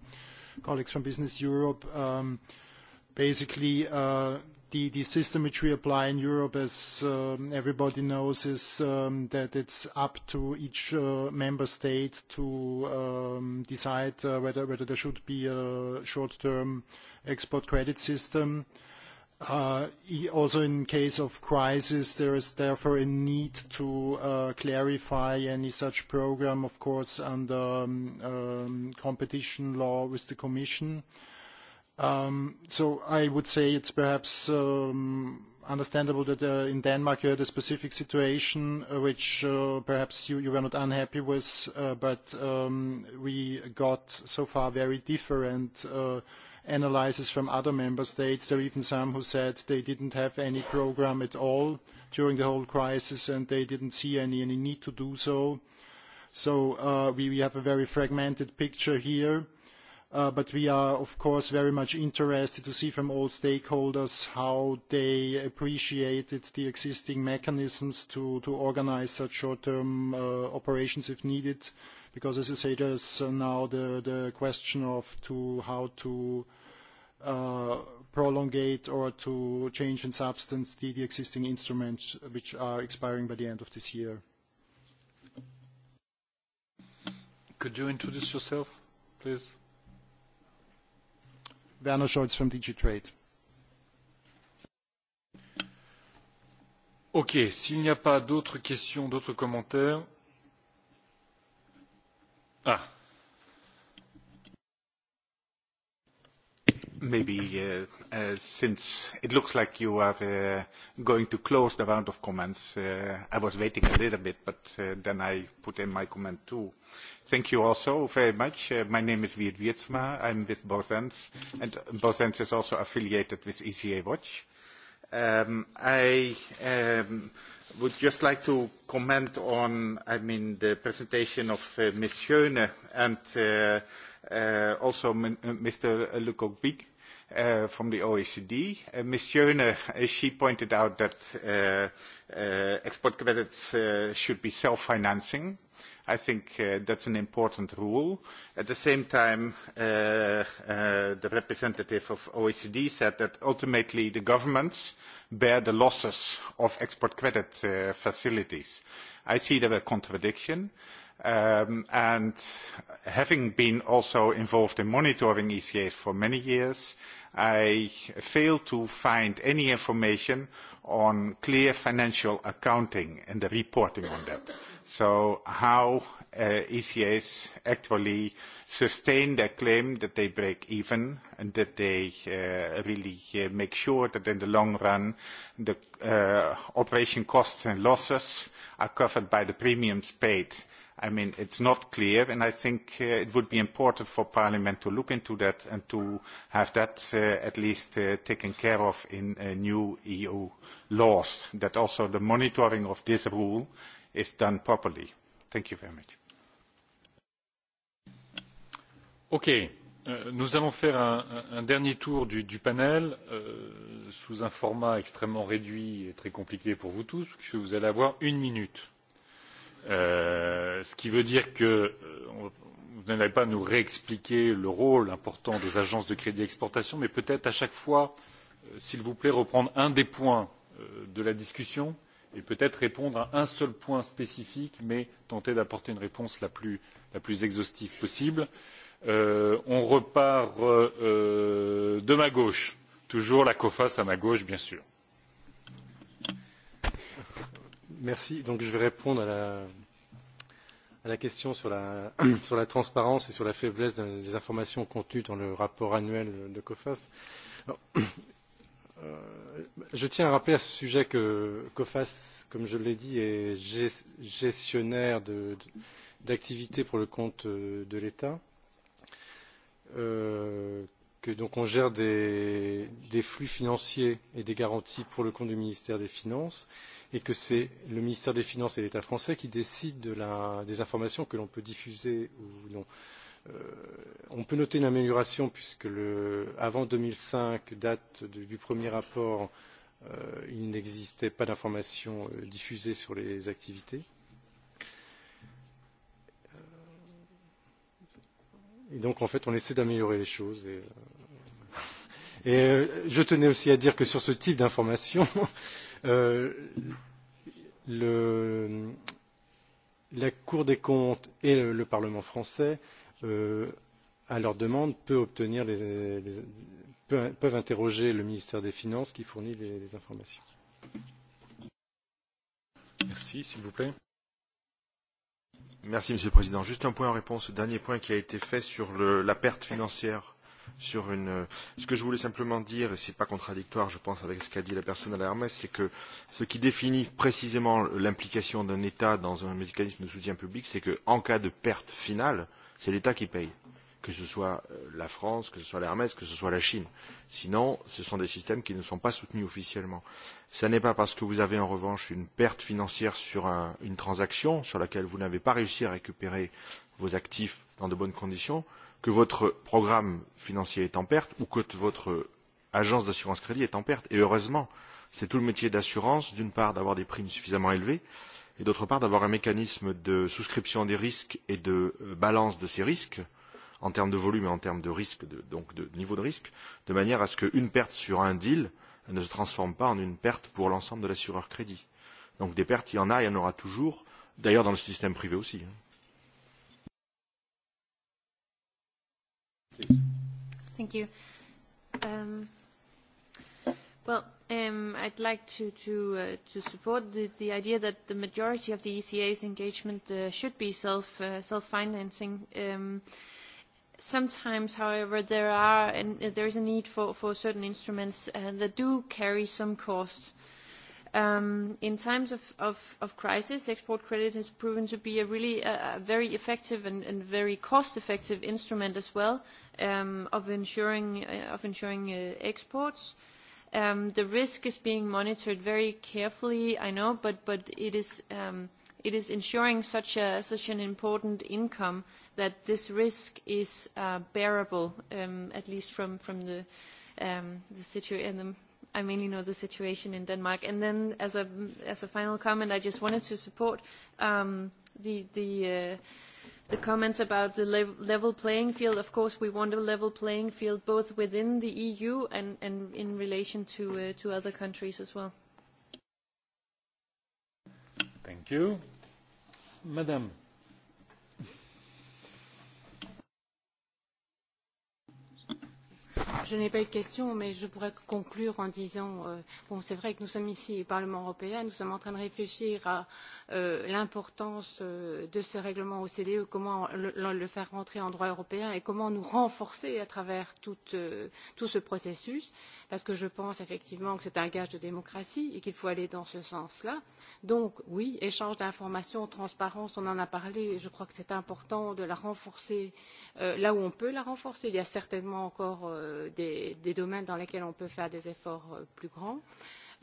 colleagues from Business Europe. Um, basically, uh, the, system which we apply in Europe, as um, everybody knows, is um, that it's up to each uh, member state to decide uh, whether, there should be a short-term export credit system. Uh, e, also in case of crisis, there is therefore a need to uh, clarify any such program, of course, under um, um, competition law with the Commission. Um, so I would say it's perhaps um, understandable that uh, in Denmark you had a specific situation uh, which uh, perhaps you, you were not unhappy with, uh, but um, we got so far very different analyses from other member states. There are even some who said they didn't have any program at all during the whole crisis, and they didn't see any, any need to do so. So uh, we, we have a very fragmented picture here. Uh, but we are, of course, very much interested to see from all stakeholders how they appreciated the existing mechanisms to, to organise such short-term uh, operations if needed, because as you say, there's uh, now the, the question of to how to Uh, prolongate or to change in substance the, existing instruments which are expiring by the end of this year. Could you introduce yourself, please? Werner Scholz from DigiTrade. Okay. s'il n'y a pas d'autres
questions, d'autres commentaires.
Ah, maybe uh, uh, since it looks like you are uh, going to close the round of comments, uh, I was waiting a little bit, but uh, then I put in my comment too. Thank you also very much. Uh, my name is Wiert Wiertsma. I'm with Bozens, and Bozens is also affiliated with ECA Watch. Um, I um, would just like to comment on, I mean, the presentation of uh, Ms. Schöne and uh, uh, also Mr. Eh, Lukovic uh, eh, from the OECD. Uh, Ms. Schöne, uh, she pointed out that uh, uh, export credits uh, should be self-financing. I think uh, that's an important rule. At the same time, uh, uh, the representative of OECD said that ultimately the governments bear the losses of export credit uh, facilities. I see there a contradiction. Uh, Um, and having been also involved in monitoring ECAs for many years, I failed to find any information on clear financial accounting and the reporting on that. So how uh, ECAs actually sustain their claim that they break even and that they uh, really uh, make sure that in the long run the uh, operation costs and losses are covered by the premiums paid i mean, it's not clear, and I think uh, it would be important for Parliament to look into that and to have that uh, at least uh, taken care of in uh, new EU laws, that also the monitoring of this rule is done properly. Thank you very much.
Okay. Euh, nous allons faire un, un dernier tour du, du panel euh, sous un format extrêmement réduit et très compliqué pour vous tous, puisque vous allez avoir une minute Euh, ce qui veut dire que euh, vous n'allez pas nous réexpliquer le rôle important des agences de crédit exportation mais peut être à chaque fois euh, s'il vous plaît reprendre un des points de la discussion et peut être répondre à un seul point spécifique mais tenter d'apporter une réponse la plus, la plus exhaustive possible. Euh, on repart euh, de ma gauche toujours la coface à ma gauche bien sûr.
Merci. Donc, je vais répondre à la, à la question sur la, <clears throat> sur la transparence et sur la faiblesse des informations contenues dans le rapport annuel de COFAS. Alors, <clears throat> euh, je tiens à rappeler à ce sujet que COFAS, comme je l'ai dit, est gestionnaire d'activités pour le compte euh, de l'État. Euh, que donc on gère des, des flux financiers et des garanties pour le compte du ministère des Finances et que c'est le ministère des Finances et l'État français qui décident de la, des informations que l'on peut diffuser ou non. Euh, on peut noter une amélioration puisque le, avant 2005, date de, du premier rapport, euh, il n'existait pas d'informations euh, diffusées sur les activités. Euh, et donc, en fait, on essaie d'améliorer les choses. Et, euh, Et euh, je tenais aussi à dire que sur ce type d'information, <laughs> euh, la Cour des comptes et le, le Parlement français, euh, à leur demande, peut obtenir les, les, peut, peuvent interroger le ministère des Finances qui fournit les, les informations.
Merci, s'il vous plaît. Merci, Monsieur le Président. Juste un point en réponse au dernier point qui a été fait sur le, la perte financière sur une. Euh, ce que je voulais simplement dire, et c'est pas contradictoire, je pense, avec ce qu'a dit la personne à l'armée, c'est que ce qui définit précisément l'implication d'un État dans un mécanisme de soutien public, c'est qu'en cas de perte finale, c'est l'État qui paye que ce soit euh, la France, que ce soit l'Hermès, que ce soit la Chine. Sinon, ce sont des systèmes qui ne sont pas soutenus officiellement. Ce n'est pas parce que vous avez en revanche une perte financière sur un, une transaction sur laquelle vous n'avez pas réussi à récupérer vos actifs dans de bonnes conditions que votre programme financier est en perte ou que votre agence d'assurance crédit est en perte. Et heureusement, c'est tout le métier d'assurance, d'une part, d'avoir des primes suffisamment élevées et d'autre part, d'avoir un mécanisme de souscription des risques et de euh, balance de ces risques en termes de volume et en termes de risque, de, donc de niveau de risque, de manière à ce qu'une perte sur un deal ne se transforme pas en une perte pour l'ensemble de l'assureur crédit. Donc des pertes, il y en a, il y en aura toujours, d'ailleurs dans le système privé aussi. Hein.
Thank you. Um, well, um, I'd like to, to, uh, to support the, the idea that the majority of the ECA's engagement uh, should be self, uh, self-financing. Um, sometimes, however, there, are, and uh, there is a need for, for certain instruments uh, that do carry some cost. Um, in times of, of, of crisis, export credit has proven to be a really uh, very effective and, and very cost-effective instrument as well, um, of ensuring, uh, of ensuring uh, exports. Um, the risk is being monitored very carefully, I know, but, but it, is, um, it is ensuring such, a, such an important income that this risk is uh, bearable, um, at least from, from the, um, the situation. I mainly know the situation in Denmark. And then as a, as a final comment, I just wanted to support um, the, the uh, the comments about the le level playing field. Of course, we want a level playing field both within the EU and, and in relation to, uh, to other countries as well.
Thank you.
Madam je n'ai pas eu de question, mais je pourrais conclure en disant euh, bon, c'est vrai que nous sommes ici au Parlement européen, nous sommes en train de réfléchir à euh, l'importance euh, de ce règlement OCDE, comment le, le faire rentrer en droit européen et comment nous renforcer à travers tout, euh, tout ce processus parce que je pense effectivement que c'est un gage de démocratie et qu'il faut aller dans ce sens là. donc oui échange d'informations transparence on en a parlé et je crois que c'est important de la renforcer euh, là où on peut la renforcer. il y a certainement encore euh, des, domaines dans lesquels on peut faire des efforts euh, plus grands.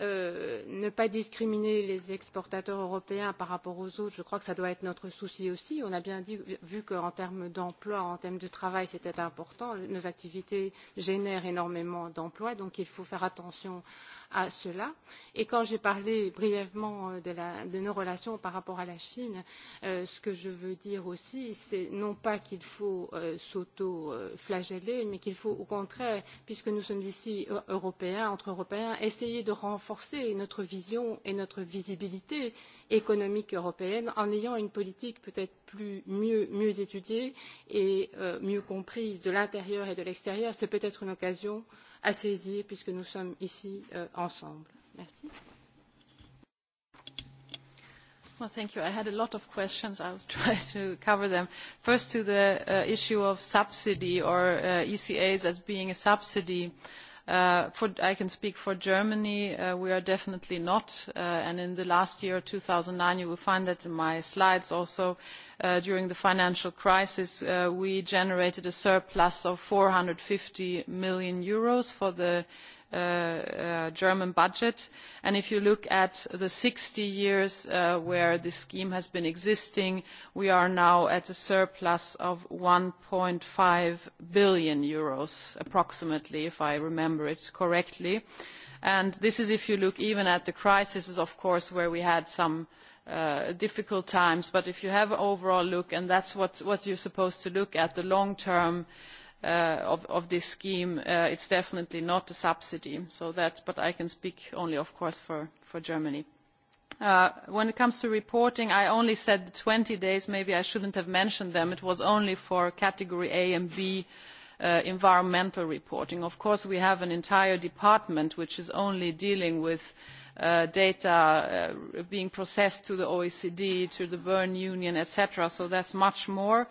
Euh, ne pas discriminer les exportateurs européens par rapport aux autres, je crois que ça doit être notre souci aussi. On a bien vu qu'en termes d'emploi, en termes de travail, c'était important, nos activités génèrent énormément d'emplois, donc il faut faire attention à à cela. Et quand j'ai parlé brièvement euh, de, la, de nos relations par rapport à la Chine, euh, ce que je veux dire aussi, c'est non pas qu'il faut euh, s'auto-flageller, mais qu'il faut au contraire, puisque nous sommes ici euh, européens, entre européens, essayer de renforcer notre vision et notre visibilité économique européenne en ayant une politique peut-être plus mieux, mieux étudiée et euh, mieux comprise de l'intérieur et de l'extérieur. C'est peut-être une occasion euh, à saisir puisque nous sommes ici euh, ensemble. Merci.
Well, thank you. I had a lot of questions. I'll <laughs> try to cover them. First, to the uh, issue of subsidy or uh, ECAs as being a subsidy. Uh, Uh, for, I can speak for Germany. Uh, we are definitely not. Uh, and in the last year, 2009, you will find that in my slides also, uh, during the financial crisis, we generated a surplus of 450 million euros for the Uh, uh, German budget. And if you look at the sixty years that uh, where this scheme has been existing, we are now at a surplus of EUR one five billion euros, approximately, if I remember it correctly. And this is if you look even at the crises, of course, where we had some difficult times but if you have an overall look and that is what, what you are supposed to look at the long term Uh, of, of this scheme, uh, it's definitely not a subsidy. So that's, but I can speak only, of course, for, for Germany. Uh, when it comes to reporting, I only said 20 days. Maybe I shouldn't have mentioned them. It was only for category A and B uh, environmental reporting. Of course, we have an entire department which is only dealing with Uh, data uh, being processed to the OECD, to the Bern Union, etc. So that's much more.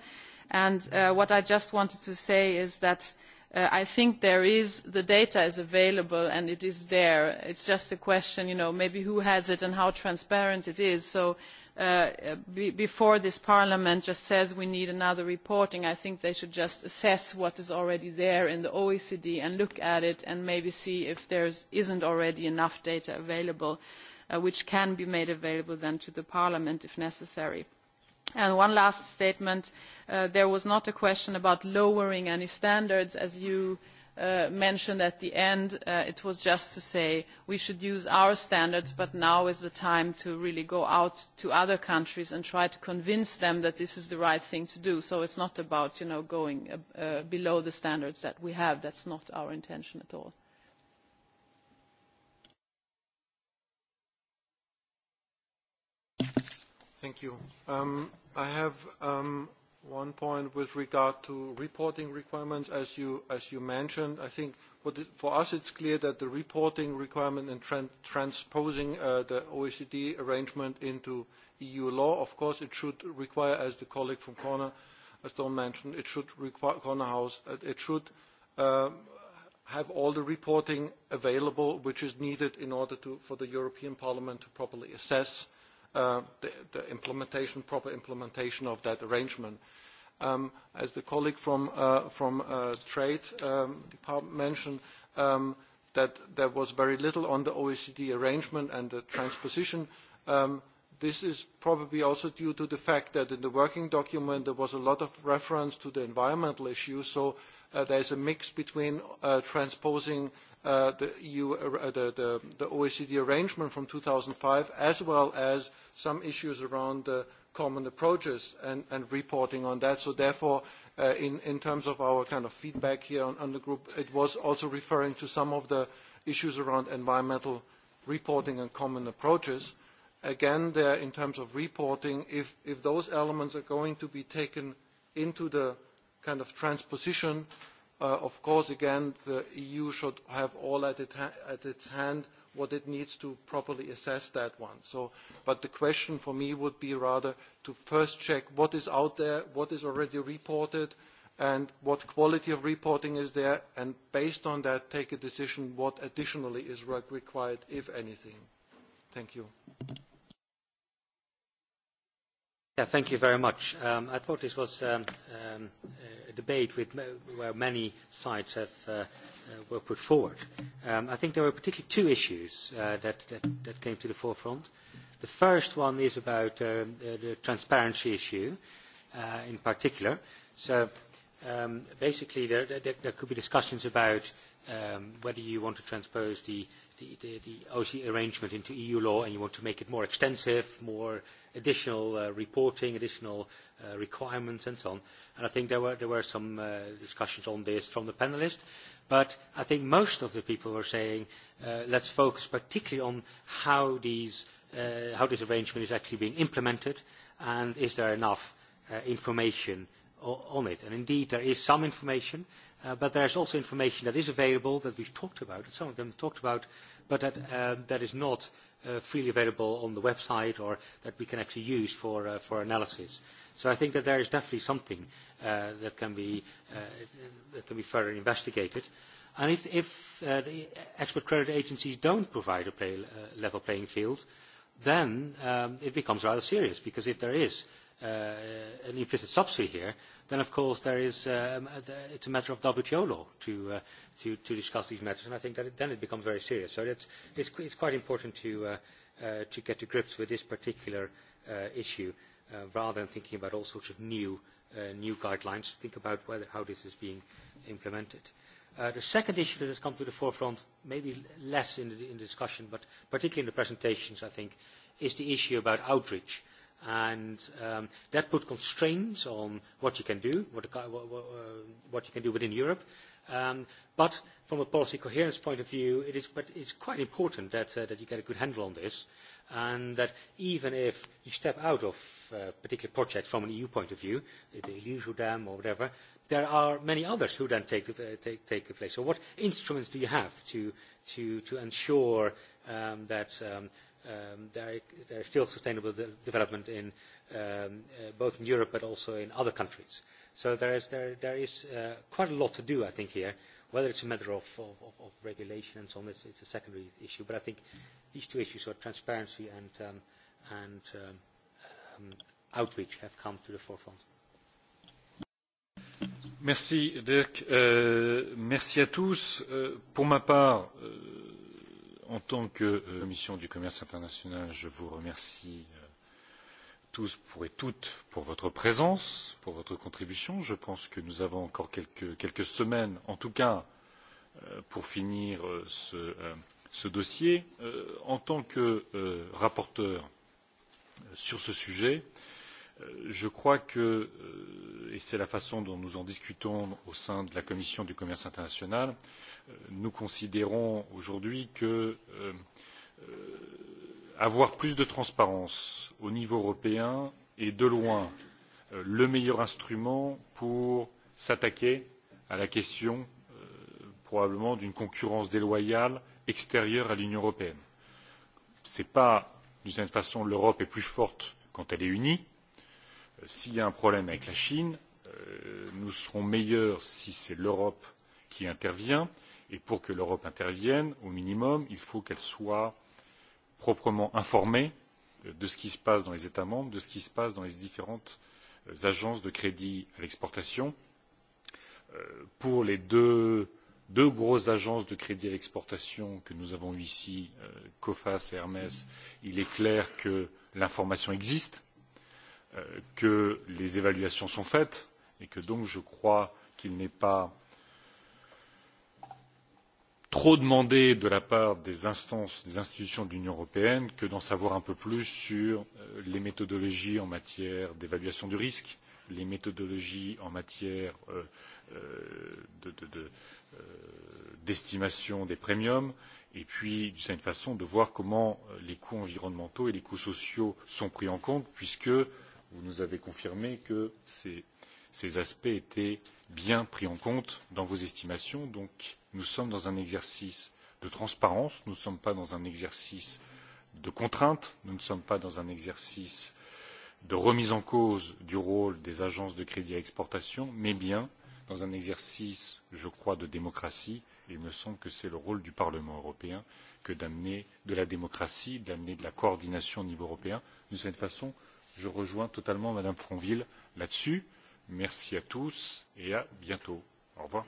And uh, what I just wanted to say is that uh, I think there is, the data is available and it is there. It's just a question, you know, maybe who has it and how transparent it is. So uh, before this parliament just says we need another reporting, I think they should just assess what is already there in the OECD and look at it and maybe see if there isn't already enough data available, uh, which can be made available then to the parliament if necessary. And One last statement. Uh, there was not a question about lowering any standards. As you uh, mentioned at the end, uh, it was just to say we should use our standards, but now is the time to really go out to other countries and try to convince them that this is the right thing to do. So It's not about you know, going uh, uh, below the standards that we have. That's not our intention at all.
Thank you. Um, I have um, one point with regard to reporting requirements, as you, as you mentioned. I think what it, for us it's clear that the reporting requirement and tran transposing uh, the OECD arrangement into EU law, of course, it should require, as the colleague from Corner, as uh, Don mentioned, it should require Corner House, uh, it should um, have all the reporting available which is needed in order to, for the European Parliament to properly assess uh, uh, the, the implementation, proper implementation of that arrangement. Um, as the colleague from, uh, from uh, Trade um, Department mentioned, um, that there was very little on the OECD arrangement and the transposition. Um, this is probably also due to the fact that in the working document there was a lot of reference to the environmental issues, so uh, there is a mix between uh, transposing Uh, the, EU, uh, the, the, the OECD arrangement from two thousand five, as well as some issues around the common approaches and, and reporting on that. So therefore, uh, in, in terms of our kind of feedback here on, on the group, it was also referring to some of the issues around environmental reporting and common approaches. Again, there in terms of reporting, if, if those elements are going to be taken into the kind of transposition, uh, Uh, of course, again, the EU should have all at, it ha at its hand what it needs to properly assess that one. So, but the question for me would be rather to first check what is out there, what is already reported, and what quality of reporting is there, and based on that, take a decision what additionally is required, if anything.
Thank you thank you very much. Um, I thought this was um, um, a debate with, where many sides have, uh, uh, were put forward. Um, I think there were particularly two issues uh, that, that, that came to the forefront. The first one is about the, transparency issue uh, in particular. So um, basically there, there, there could be discussions about um, whether you want to transpose the, the, the, the OC arrangement into EU law and you want to make it more extensive, more additional uh, reporting, additional uh, requirements and so on. And I think there were, there were some uh, discussions on this from the panelists. But I think most of the people were saying, uh, let's focus particularly on how, these, uh, how this arrangement is actually being implemented and is there enough uh, information on it. And indeed, there is some information, uh, but there is also information that is available that we've talked about, that some of them talked about, but that, uh, that is not uh, freely available on the website or that we can actually use for, uh, for analysis. So I think that there is definitely something uh, that, can be, uh, that can be further investigated. And if, if uh, the expert credit agencies don't provide a play, uh, level playing field, then um, it becomes rather serious because if there is uh, an implicit subsidy here, then of course there is um, uh, it's a matter of WTO law to, uh, to, to discuss these matters, and I think that it, then it becomes very serious. So it it's, it's quite important to, uh, uh, to get to grips with this particular uh, issue uh, rather than thinking about all sorts of new, uh, new guidelines. Think about whether, how this is being implemented. Uh, the second issue that has come to the forefront, maybe less in the, in the discussion, but particularly in the presentations, I think, is the issue about outreach and um, that put constraints on what you can do, what, uh, what you can do within Europe. Um, but from a policy coherence point of view, it is but it's quite important that, uh, that you get a good handle on this, and that even if you step out of a uh, particular project from an EU point of view, the usual Dam or whatever, there are many others who then take, the, uh, take, take the place. So what instruments do you have to, to, to ensure um, that um, um, there, is still sustainable de development in um, uh, both in Europe but also in other countries. So there is, there, there is uh, quite a lot to do, I think, here. Whether it's a matter of, of, of regulation and so on, it's, it's a secondary issue. But I think these two issues, of transparency and, um, and um, um, outreach, have come to the forefront.
Merci, Dirk. Euh, merci à tous. Euh, pour ma part, euh, en tant que euh, commission du commerce international je vous remercie euh, tous pour et toutes pour votre présence pour votre contribution. je pense que nous avons encore quelques, quelques semaines en tout cas euh, pour finir ce, ce dossier. en tant que rapporteur sur ce sujet Euh, je crois que euh, et c'est la façon dont nous en discutons au sein de la commission du commerce international euh, nous considérons aujourd'hui que euh, avoir plus de transparence au niveau européen est de loin le meilleur instrument pour s'attaquer à la question euh, probablement d'une concurrence déloyale extérieure à l'union européenne. ce n'est pas d'une certaine façon l'europe est plus forte quand elle est unie Euh, s'il y a un problème avec la Chine, euh, nous serons meilleurs si c'est l'Europe qui intervient. Et pour que l'Europe intervienne, au minimum, il faut qu'elle soit proprement informée euh, de ce qui se passe dans les États membres, de ce qui se passe dans les différentes agences de crédit à l'exportation. Pour les deux, grosses agences de crédit à l'exportation que nous avons eues ici, COFAS et Hermes, il est clair que l'information existe Euh, que les évaluations sont faites et que donc je crois qu'il n'est pas trop demandé de la part des instances des institutions de l'union européenne que d'en savoir un peu plus sur euh, les méthodologies en matière d'évaluation du risque les méthodologies en matière d'estimation euh, de, de, des premiums et puis d'une certaine façon de voir comment les coûts environnementaux et les coûts sociaux sont pris en compte puisque vous nous avez confirmé que ces, ces aspects étaient bien pris en compte dans vos estimations. Donc, nous sommes dans un exercice de transparence, nous ne sommes pas dans un exercice de contrainte, nous ne sommes pas dans un exercice de remise en cause du rôle des agences de crédit à exportation, mais bien dans un exercice, je crois, de démocratie. Et il me semble que c'est le rôle du Parlement européen que d'amener de la démocratie, d'amener de la coordination au niveau européen. D'une certaine façon, je rejoins totalement mme frontville là dessus. merci à tous et à bientôt.
au revoir.